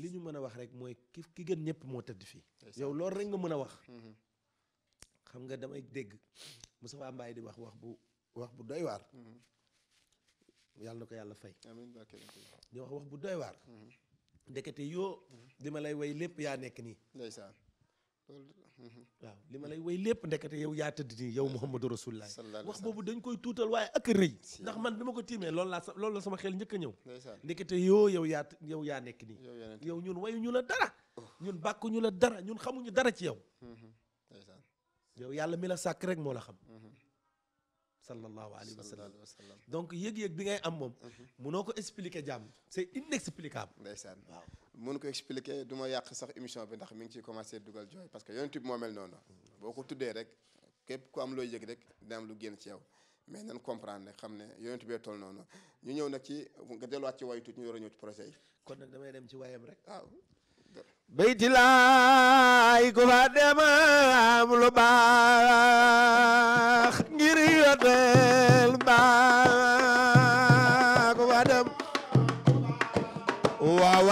li ñu mën a wax rek mooy ki ki gën ñëpp moo tëdd fii yow loolu rek nga mën a wax xam nga damay dégg Moussa Mbaye di wax wax bu wax bu doy waar yàlla na ko yàlla fay. amiin wax wax bu doy waar. Mm-hmm. ndekete yoo. li ma lay way lépp yaa nekk nii. ndeysaan mm-hmm. li ma lay way lépp ndekete yow yaa tëdd nii yow Muhammadu Rasulullah. wax boobu dañ koy tuutal waaye ak rëy. ndax man bi ma ko tiimee loolu laa sa loolu la sama xel njëkk a ñëw. ndekete yoo yow yaa yow yaa nekk nii. yow ñun wayuñu la dara. Oh. ñun bàkkuñu la dara ñun xamuñu dara ci yow. Mm-hmm. yow yàlla mi la sàkk rek moo la xam. sallallahu alayhi wa sallam donc yëg-yëg bi ngay am moom. Mhm. munoo ko expliquer jàmm. c'est inexplicable. ndeysaan waaw mun ko expliquer du ma yàq sax émission bi ndax mi ngi ciy commencé dugal jooy parce que yonent bi moo mel noonu. boo ko tuddee rek képp ku am looy yëg rek dina am lu génn ci yow. mais nan comprendre ne xam ne yonent bee toll noonu ñu ñëw nag ci nga delluwaat ci wayu tuuti ñu war a ñëw ci projet yi. kon nag damay dem ci wayam rek. waaw bayti laay ku fa dem am baax ngir yoteel mbaa ku fa dem waaw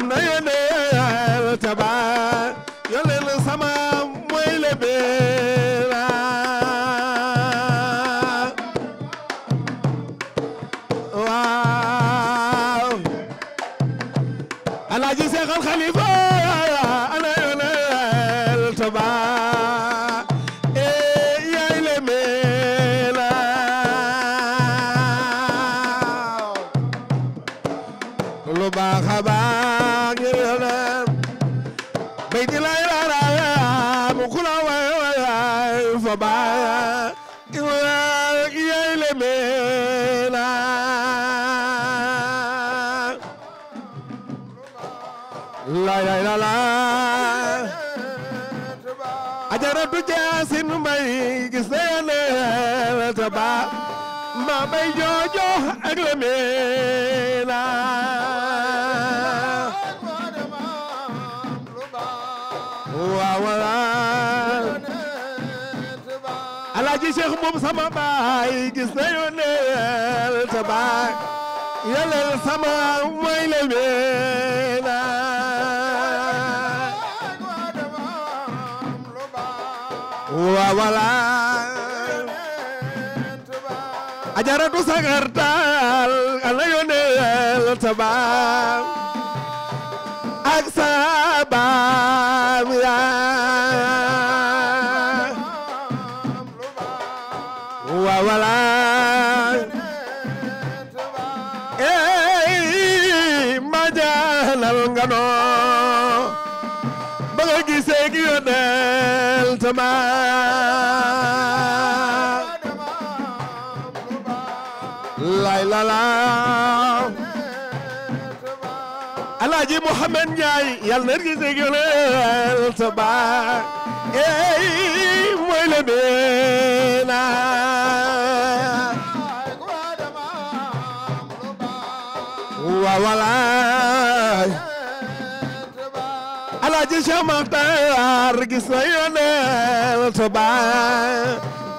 am na yeneen tabaar lay lay la la ajaratu jaasin mbay gis neel ta ma bay joojo ak la meela waaw wala alaaji Cheikh moom neel ta ba yaleel sama may la meela wa wala ajaratu sagartal ala yonel saba ak saba ya wa wala ey majalal ngano السماء لا لا لا الحاج محمد جاي يا نرجس يقول سبا اي مولا بينا ولا Sëriñ Cheikh Makhtar gis na yoneel sa baay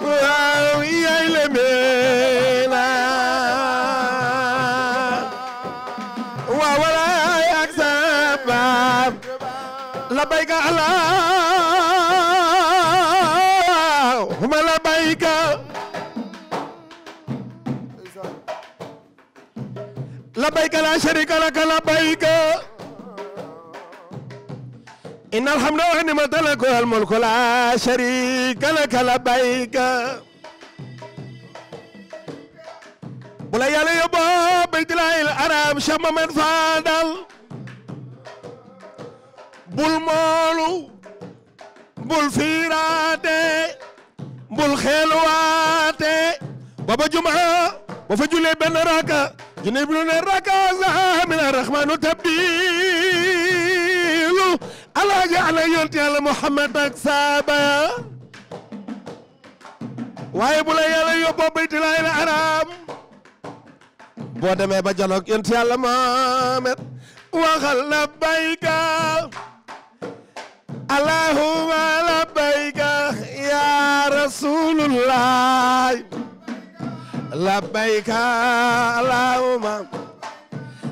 waaw yaay le meena waaw wala ak sa baab labayka allahumma labayka labayka la sharika laka labayka إن الحمد والنعمة لك والملك لا شريك لك لبيك بلا يلا يبا بيت الله الأرام شام من فادل بول مولو بول فيراتي بول خيلواتي بابا جمعة وفجولي بن راكا جنبلون الراكا زها من الرحمن تبديل alaaji ana yonent yàlla Muhammad ak saaba ya waaye bu la yàlla yóbboo baytil haram boo demee ba janoog yonent yàlla Muhammad waxal labbayka allahumma labbayka ya rasulullah labbayka allahumma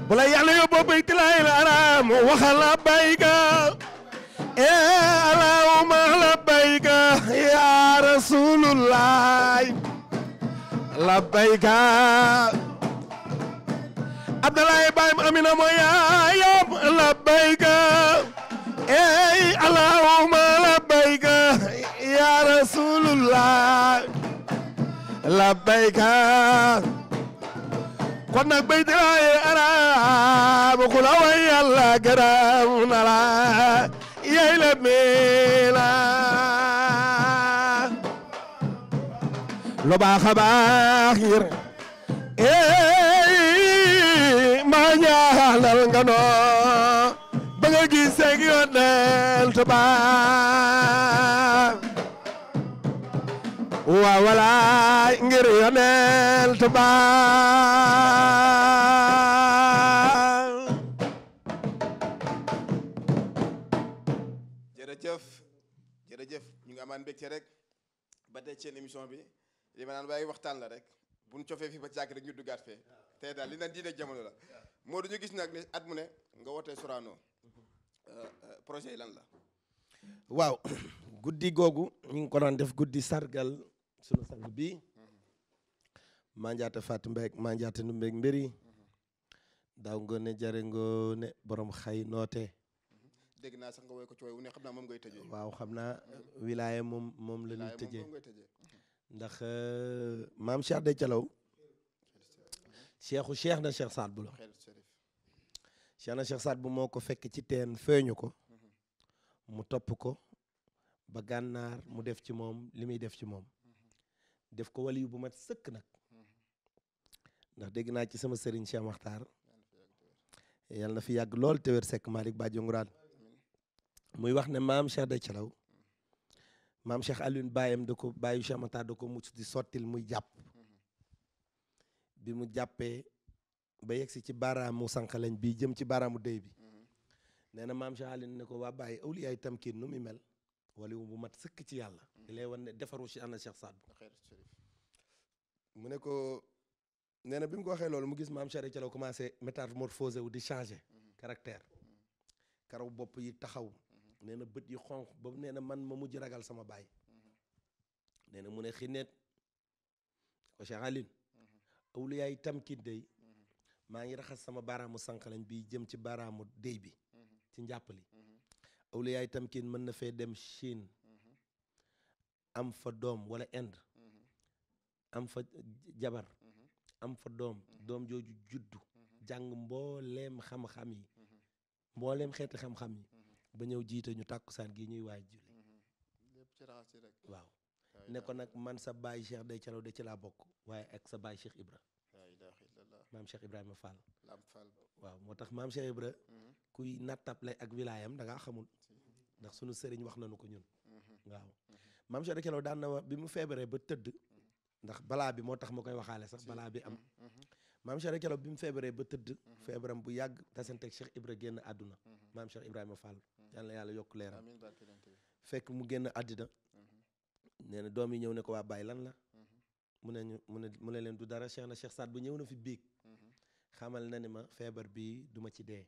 bu la yàlla yóbboo baytil haram waxal labbayka يا اللهم لبيك يا رسول الله لبيك عبد الله بايم امينه مويا يوم لبيك اي اللهم لبيك يا رسول الله لبيك kon nag bay diraye arab ku la way yàlla gërëm na la جميلا لبا خباخير اي ما جالال غنو بغا جيسك يونال تبا ولا غير يونال تبا mbégte rek ba tey seen émission bi li ma naan waaye waxtaan la rek bu ñu cofee fii ba càkk rek ñu duggaat fee tey daal li naan diine jamono la moo du ñu gis nag ne at mu ne nga wootee Sorano euh, projet yi lan la waaw [COUGHS] guddi googu ñu ngi ko doon def guddi sargal sunu sang bi manjaata Fatou Mbeek manjaata nu Mbeek mbiri mhm. daaw ngoone jare ngoone borom xay noote dégg naa sax ko ci woy ne xam naa moom ngay tëjee. waaw xam naa wilaya moom moom la ñuy tëjee mhm. ndax euh, maam Cheikh de Calaw cheikhu cheikh na cheikh Saad bu la cheikh na cheikh Saad bu moo ko fekk ci teen feeñu ko mhm. mu topp ko ba gànnaar mu def ci moom li muy def ci moom mhm. def ko waliyu bu mat sëkk nag ndax dégg naa ci sama sëriñ Cheikh Makhtar yàlla na fi yàgg lool te wér sekk Malick Badji Ngourane muy wax ne maam Cheikh de Thialaw maam Cheikh Alioune baayam da ko bàyyi Cheikh Mata da ko mucc di sottil muy jàpp bi mu jàppee ba yegg si ci baaraamu sanqaleñ bii jëm ci baaraamu déy bi nee na maam Cheikh Alioune ne ko waa bàyyi awliyaay tamkin nu muy mel wala wu bu mat sëkk ci yàlla di lay wan ne defaru si ana Cheikh Saad mu ne ko nee na bi mu ko waxee loolu mu gis maam Cheikh de Thialaw commencé métamorphosé wu di changé caractère karaw bopp yi taxaw nee na bët yu xonq ba nee na man ma mujj ragal sama baay. nee na mu ne xineet ko Cheikh Aline awliyaay tamkin day maa ngi raxas sama baaraamu sànqalañ bi jëm ci baaraamu déy bi ci njàppali awliyaay tamkin mën na fee dem Chine am fa doom wala Inde am fa jabar am fa doom doom jooju juddu jàng mbooleem xam-xam yi mbooleem xeeti xam-xam yi ba ñëw jiite ñu tàkkusaan gi ñuy waaj julli mhm. lépp ci raxas ci rek nag man sa baay Cheikh de calaw de ci laa bokk waaye ak sa baay Cheikh Ibra maam Cheikh Ibrahima Fall waaw moo tax maam Cheikh Ibra mhm. kuy nattable ak wilaayam da ngaa xamul ndax sunu sëriñ wax nañu ko ñun mhm. waaw maam Cheikh na wax bi mu feebaree ba tëdd ndax balaa bi moo tax ma koy waxaale sax balaa bi am maam Cheikh bi mu feebaree ba tëdd feebaram bu yàgg tasanteeg Cheikh Ibra génn àdduna Ibrahima Fall yàlla yàlla yokk leeram fekk mu génn àddina mhm. nee doom yi ñëw ne ko waa Baye lan la mhm. mu ne ñu mu leen du dara Cheikh na Cheikh Saad bu ñëw na fi biig mhm. xamal na ni ma feebar bi duma ci dee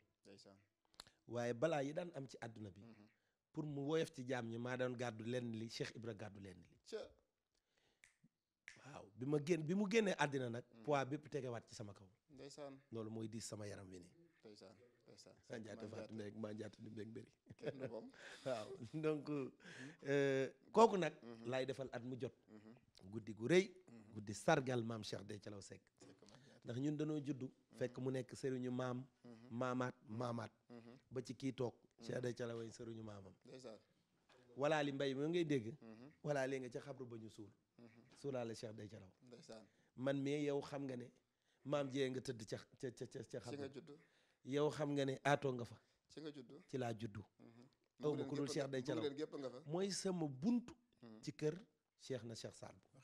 waaye balaa yi daan am ci àdduna bi pour mu woyof ci jaam ñi maa daan gàddu lenn li Cheikh Ibra gàddu lenn li waaw bi ma génn bi mu génnee àddina nag poids bépp tegewaat ci sama kaw ndeysaan loolu mooy diis sama yaram wi nii ndeysaan sa maa njaata faatu ndeeg maa njaata ni mbeeg mbëri kenn moom [LAUGHS] waaw euh, mhm. at mu jot mhm. guddi gu rëy mhm. guddi sargal maam Cheikh Dethialaw Seck ndax ñun dañoo juddu fekk mu nekk sëriñu maam maamaat maamaat ba ci kii toog Cheikh Dethialaw way sëriñu li mbay moo ngay dégg walaa li nga ca xabru ba ñu suul suulaale Cheikh Dethialaw man mii yow xam nga ne maam jee nga tëdd ca ca ca ca yow xam nga ne aatoo nga fa. ci nga ci laa juddu. Mhm. aw ma ku dul Cheikh day calaw mooy sama buntu. Mhm. ci kër Cheikh na Cheikh Saad Bou.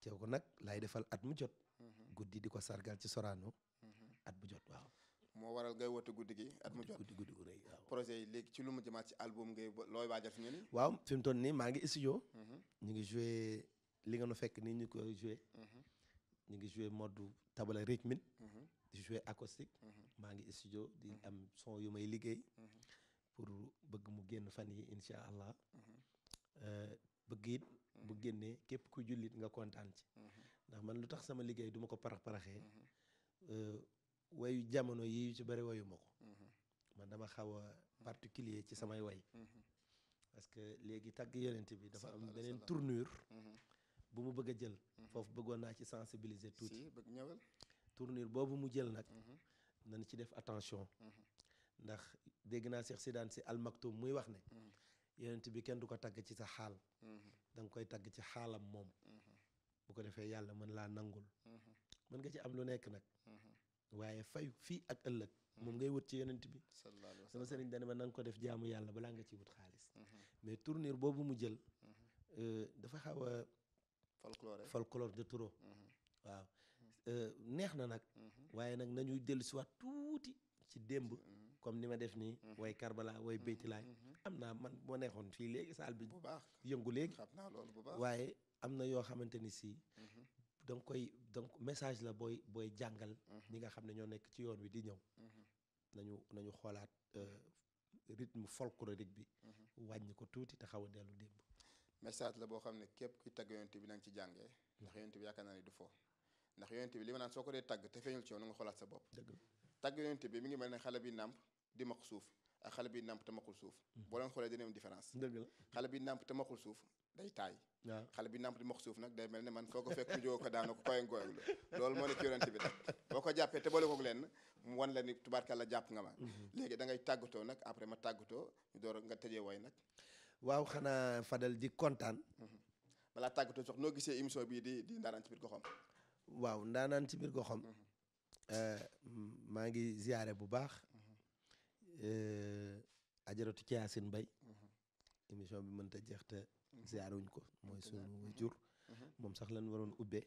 teew ko nag laay defal at mu jot. Mhm. guddi di ko sargal ci Sorano. at bu jot waaw. moo waral ngay woote guddi gi at mu jot guddi guddi gu rëy waaw projet yi léegi ci lu mu jëmaat ci album ngay looy waajal fi ñu ni waaw nii maa ngi studio ñu ngi joué li nga fekk ni ñu koy joué ñu ngi joué mode tabala rythmique di jouer acoustique mhm. maa ngi studio di mhm. am son yu may liggéey mhm. pour bëgg mu génn fan yi incha allah euh, bëgg it bu génnee képp ku jullit nga kontaan ci ndax man lu tax sama liggéey duma ko parax paraxee euh, wayu jamono yi yu ci bëri wayu ma ko man dama xaw a particulier ci samay way parce que léegi tàgg yonent bi dafa am beneen tournure bu mu bëgg a jël foofu bëggoon naa ci sensibiliser tuuti tournure boobu mu jël nag mhm. nañ ci def attention mhm. ndax dégg naa Cheikh si almaktum muy wax ne mhm. yonent bi kenn du ko tagg ci sa xaal da koy tagg ci xaalam moom bu ko defee yàlla mën laa nangul mën nga ci am lu nekk nag waaye fay fii ak ëllëg moom ngay wut ci yenent bi sama sëriñ dana ma na nga ko def jaamu yàlla balaa nga ci wut xaalis mais tournure boobu mu jël euh, dafa xaw a folklore folklore de trop waaw Euh, neex na nag. Mhm. waaye nag nañuy dellu dellusiwaat tuuti ci démb. Mhm. comme ni ma def nii. Mhm. way Karbala way Béytilaay. am naa man moo neexoon fii léegi saal bi. bu baax yëngu léegi. xam naa loolu waaye am na yoo xamante ni si. da nga koy donc message la booy booy jàngal. ñi nga xam ne ñoo nekk ci yoon wi di ñëw. nañu nañu xoolaat euh, rythme folklorique bi. wàññi ko tuuti te xaw a dellu démb. message la boo xam ne képp kuy tagg yonent bi nag ci jàngee. ndax yonent bi yaakaar naa ne du fo. ndax yonente bi li ma naan soo ko dee tàgg te feeñul ci yow na nga xoolaat sa bopp tàgg yonente bi mi ngi mel ne xale bi nàmp di maq suuf ak xale bi nàmp te maqul suuf mm. boo xoolee dina am la xale bi nàmp te maqul suuf day taay waaw xale bi nàmp di maq suuf nag day mel ne man foo ko fekk jógoo ko daana ko koyen loolu moo ne ci yonente bi boo ko jàppee te boole koog leen mu wan la ni tubaarkàlla jàpp nga ma mm-hmm. léegi da ngay tàggatoo nag après ma tàggatoo ñu door nga tëjee woy nag waaw xanaa Fadel di kontaan mm-hmm. balaa tàggatoo sax noo gisee émission bii di di ndaanaan ci biir waaw ndaanaan ci biir goxam mm-hmm. eh, maa ngi ziyaare bu baax mm-hmm. eh, ajaratu Yacine Mbaye mm-hmm. émission bi mënta jeex te ziyaare wuñ ko mooy sunu jur moom sax lañ waroon ubbee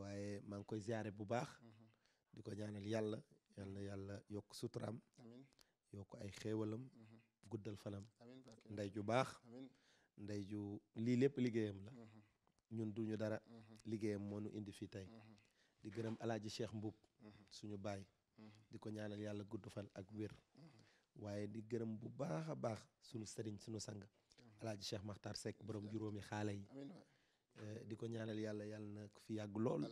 waaye maa ngi koy ziyaare bu baax di ko ñaanal yàlla yal na yàlla yokk suturaam yokk ay xéewalam guddal fanam ndey ju baax ndey ju lii lépp liggéeyam ñun duñu dara mhm. liggéeyam moo nu indi fii tey mhm. di gërëm alaaji Cheikh Mbuub mhm. suñu baay di ko ñaanal yàlla gudd fan ak wér waaye di gërëm bu baax a baax suñu sëriñ suñu sang alaaji Cheikh Makhtar Seck borom juróomi xaale yi eh, di ko ñaanal yàlla yàlla na ko fi yàgg lool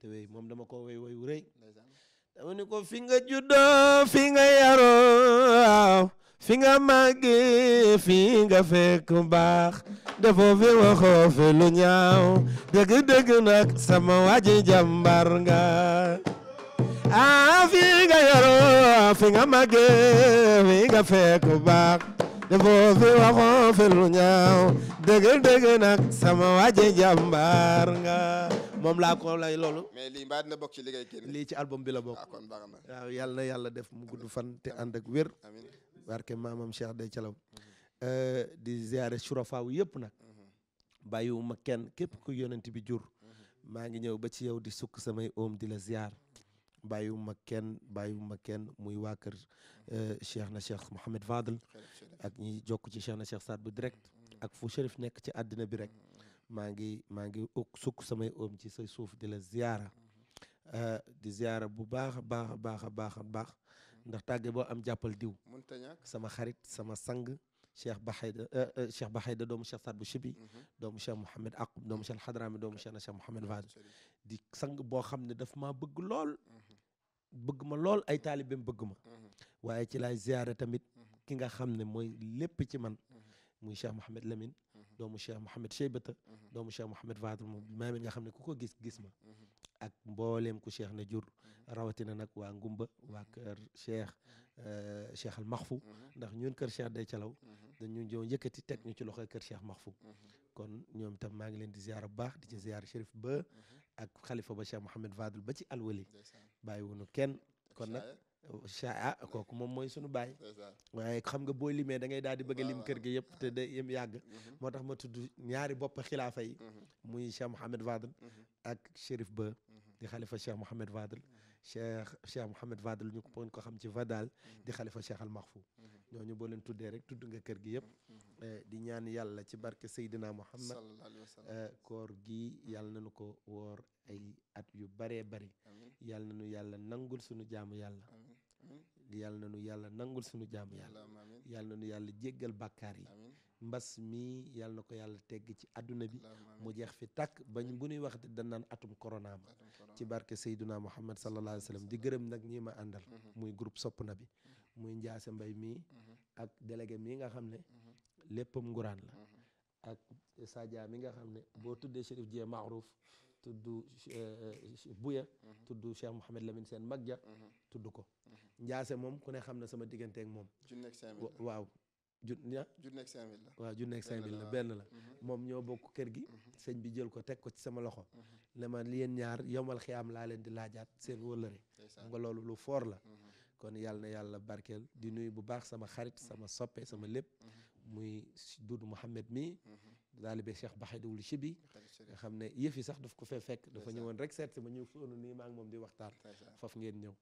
te wey moom dama ko wey woyu rëy dama ni ko fi nga juddoo fi nga yaroo fi nga màggee fi nga fekk baax defoo fi waxoo fi lu ñaaw dëgg-dëgg nag sama waji jàmbar nga ah fi nga yoroo fi nga màggee fi nga fekk baax defoo fi waxoo fi lu ñaaw dëgg-dëgg nag sama waji jàmbar nga moom laa ko loolu. mais lii mbaa dina bokk ci liggéey kenn. lii ci album bi la bokk. Ah, waaw yàlla na yàlla def mu gudd fan te ànd ak wér. barke maamam Cheikh Dey Calaw euh, di ziare surafaaw yëpp nag bàyyiwuma kenn képp ku yonent bi jur maa ngi ñëw ba ci yow di sukk samay oom di la ziar bàyyiwuma kenn bàyyiwuma kenn muy waa kër euh, Cheikh na Cheikh Mouhamed Fadel ak jokk ci Cheikh na Cheikh Saad bu direct ak fu Chérif nekk ci àddina bi rek maa ngi maa ngi sukk samay om ci say suuf di la ziara euh, di ziara bu baax a baax a baax a baax a baax ndax tàgge boo am jàppal diw sama xarit sama sang cheikh baxayda euh, euh, cheikh baxayda doomu cheikh saad bu chibi mhm. doomu cheikh mouhamed aqub doomu cheikh alxadrami doomu cheikh na cheikh mouhamed di sang boo xam ne daf maa bëgg lool mhm. ma lool ay taalibeem bëgg ma mhm. waaye ci laay ziyaare tamit ki nga xam ne mooy lépp ci man muy cheikh mouhamed lamine doomu cheikh mouhamed cheybata doomu cheikh mouhamed vadul moom nga xam ne ku ko gis gis ma ak mboolem ku cheikh na jur mhm. rawatina nag waa ngumba mhm. waa kër cheikh mhm. euh, cheikh al maxfu ndax ñun kër cheikh day calaw dañu ñëw njëkkati teg ñu ci loxo kër cheikh maxfu kon ñoom itam maa ngi leen di ziar bu baax di ci ziar chérif ba ak xalifa ba cheikh mohammed fadul ba ci alwali bàyyi wunu kenn kon nag ah kooku moom mooy sunu baay. waaye xam nga boo limee da ngay daal di bëgg lim kër gi yëpp te day yem yàgg. Mhm. moo tax ma tudd ñaari bopp xilaafa yi. Mhm. muy Cheikh Mouhamed Fadel. Mhm. ak Chérif Ba. di xalifa Cheikh Mouhamed Fadel. Cheikh Cheikh Mouhamed Fadel ñu ko ko xam ci Fadal. di xalifa Cheikh Al Mahfou. ñooñu boo leen tuddee rek tudd nga kër gi yëpp. Eh, di ñaan yàlla ci barke Seydina Muhammad. Eh, koor gi yàlla nañu ko woor ay at yu baree bari. yàlla nañu yàlla nangul sunu jaamu yàlla. yàlla na nu yàlla nangul suñu jaam yàlla yàlla na nu yàlla jéggal bàkkaar yi mbas mii yàlla na ko yàlla tegg ci àdduna bi mu jeex fi tàkk bañ bu ñuy waxte dañ atum corona ma ci barke Seyduna Muhammad sallallahu alayhi wa di gërëm nag ñi ma àndal mm-hmm. Mm-hmm. muy groupe sopp na bi mm-hmm. muy Njaase Mbay mii ak délégué mii nga xam ne léppam nguraan la ak Sadia mi nga xam ne boo tuddee Chérif Dieng Maarouf tudd euh, Buya tudd Cheikh Mouhamed Lamine seen mag ja tudd ko Ndiasse moom ku ne xam na sama diggante ak moom. junneeg 5000 waaw. jun ña junneeg 5000 la. waaw la benn la. Mhm. moom ñoo bokk kër gi. Mhm. sëñ bi jël ko teg ko ci sama loxo. Mhm. ne ma li yéen ñaar yomal xiyaam laa leen di laajaat seen wëllëre. xam nga loolu lu foor la. kon yàlla na yàlla barkeel di nuyu bu baax sama xarit sama soppe sama lépp. muy Doudou Mouhamed mii. daalibe Cheikh Baxidiwul Chibi nga xam ne yëf yi sax daf ko fee fekk dafa ñëwoon rek seet si ma ñëw soonu nii foofu ngeen ñëw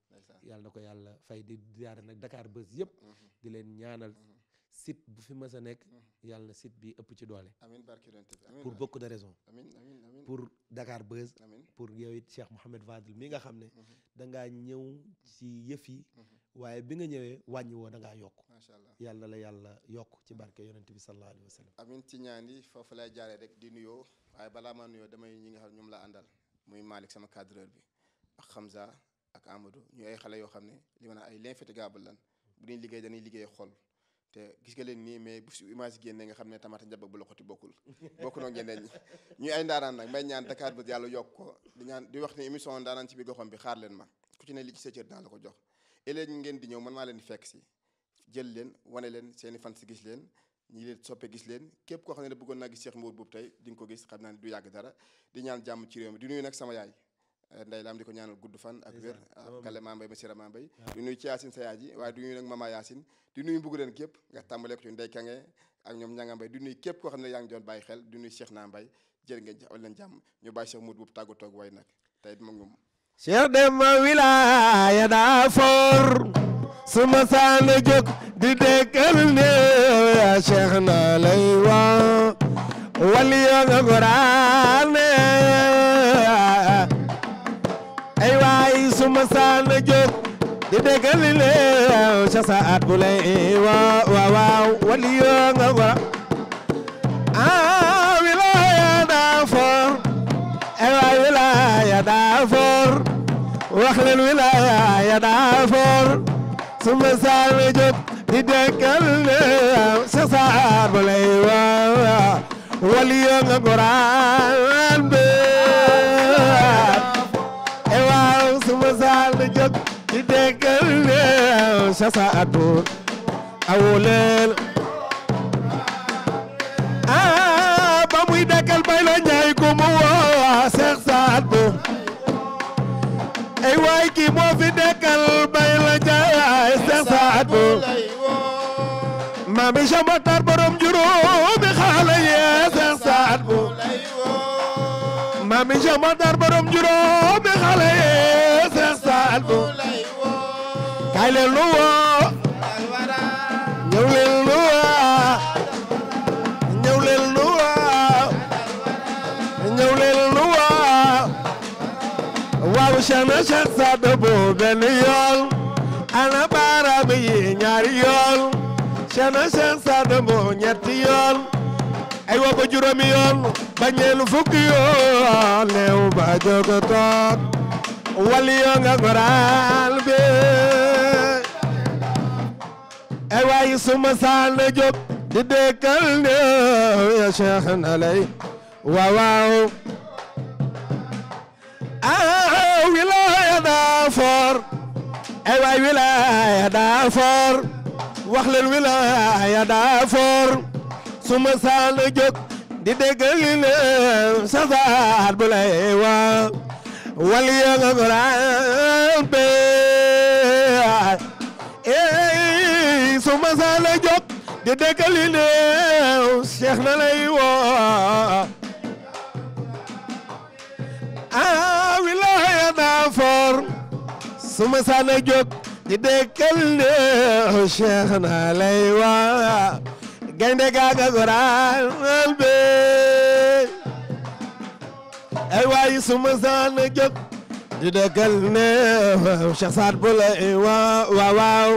yàlla na ko yàlla fay di jaare nag Dakar Buzz yëpp mm-hmm. di leen ñaanal mm-hmm. sit bu fi mës a nekk mm-hmm. yàlla na site bi ëpp ci doole amiin barke pour bokk de raisons amiin amiin amiin pour Dakar Buzz pour yow it Cheikh Mouhamed Fadil mii nga xam ne dangaa ñëw si yëf yi waaye bi nga ñëwee wàññi woo da ngaa yokk macha allah yàlla la yàlla yokk ci barke yonent bi sallallahu alayhi wa sallam amin ci ñaan yi foofu lay jaaree rek di nuyoo waaye balaa ma nuyoo damay ñi nga xam ñoom la àndal muy Malick sama cadreur bi ak Hamza ak Amadou ñu yoo xam ne li ma ay l'infatigable lan bu ñuy liggéey dañuy liggéey xol te gis nga leen nii mais bu su image génnee nga xam ne tamata njab bu loxoti bokkul bokk noo ñeneen ñi ñuy ay ndaaraan nag may ñaan Dakar bu yàlla yokk ko di ñaan di wax ne émission ndaaraan ci biir goxam bi xaar leen ma ku ci ne li ci sa cër la ko jox ëllëg ngeen di ñëw mën maa leen fekk si jël leen wane leen seeni fan si gis leen ñi leen soppe gis leen képp koo xam ne bëggoon naa gis Cheikh Mbour boobu tey di nga ko gis xam naa ne du yàgg dara di ñaan jàmm ci réew mi di nuyu nag sama yaay euh, nday laam di ko ñaanal gudd fan ak wér ah, kale maa mbay mbay nuyu ci yaasin sa yaay ji waaye di nuyu nag mama yaasin nuyu mbugg leen képp nga tàmbalee ko ci ak ñoom ñanga mbay di nuyu képp koo xam ne yaa ngi doon bàyyi xel du nuyu Cheikh naa mbay jërë ngeen jëf leen jàmm ñu bàyyi Cheikh Mbour boobu tàggatoo ak way nag tey it Cheikh Demba wilaaya daa su ma saan di dekkal néew yaa Cheikh naa lay wax wali yoo su ma saan di dekkal sa at bu lay waaw waaw wali yoo daa wax leen wilaaya ya daa foor su di dekkal ne Cheikh Saar ba lay waawa wali yoo nga Quraan be e waaw su ma saana jóg di dekkal ne Cheikh Saar waa Seex Saad bu ay waay kii moo fi dekkal bay la jaay Seex Saad bu maam Cheikh Makhtar borom juróomi xaala yee Seex Saad bu maam Cheikh Makhtar borom juróomi xaala yee Seex Saad bu kaay leen lu woo ñëw leen lu woo aw shana shan sada bo benn yool ana baaraam yi ñaari yool shana shan sada bo ñetti yool ay wa ba juróomi yool ba ñeelu fukki yool leew ba jogo toog wali yoo nga goral be ay waayi suma saal na jóg di dekkal ne ya cheikh na lay waaw waaw ah wilaaya daa foor ay wilaaya daa foor wilaaya daa su ma saan di dégg li leen bu lay waa nga goraan bee eey su ma saan di dégg li na lay ah wilaaya daa foor su ma saan a jóg di dekkal ne Cheikh naa lay waa gaynde gaaga goraan be ay waayi su ma saan a jóg di dekkal ne Cheikh Saad bu lay waa waaw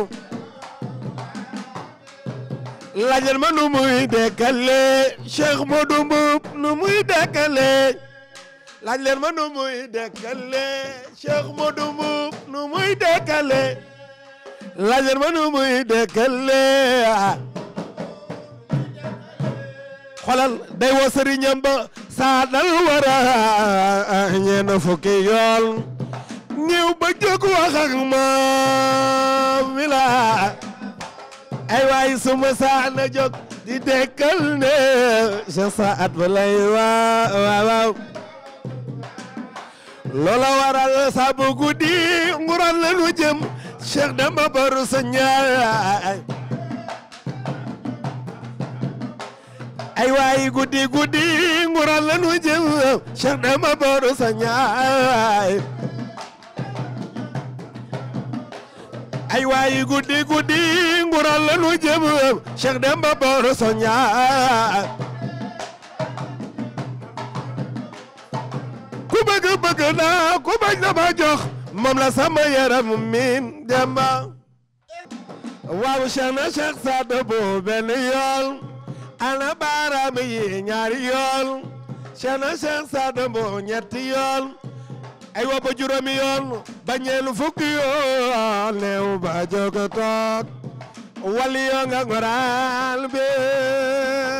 laajal ma nu muy dekkale Cheikh Modou Mboup nu muy dekkale laaj leen ma nu muy dekkale Cheikh Modou Mboup nu muy dekkale laaj leen ma nu muy dekkale xolal day woo sëriñam ba saadal wara ñeena fukki yool ñëw ba jóg wax maam mi ay waay suma saana jóg di dekkal ne Cheikh Saad ba lay waaw waaw loola waral saabu guddi nguran la nu jëm Cheikh Demba Barou sa ñaay ay waay guddi guddi nguran la nu jëm Cheikh Demba Barou sa ñaay ay waay guddi guddi nguran la nu jëm Cheikh Demba Barou sa ñaay ku bëgg ku bañ sama jox la sama yaram mi demba waaw cheikh na cheikh Saadu bu benn yool ana baaraam yi ñaari yool cheikh na cheikh bu ñetti yool ay wa ba ba ñeenu fukki yool néew ba jóg toog wali yoo nga ngoral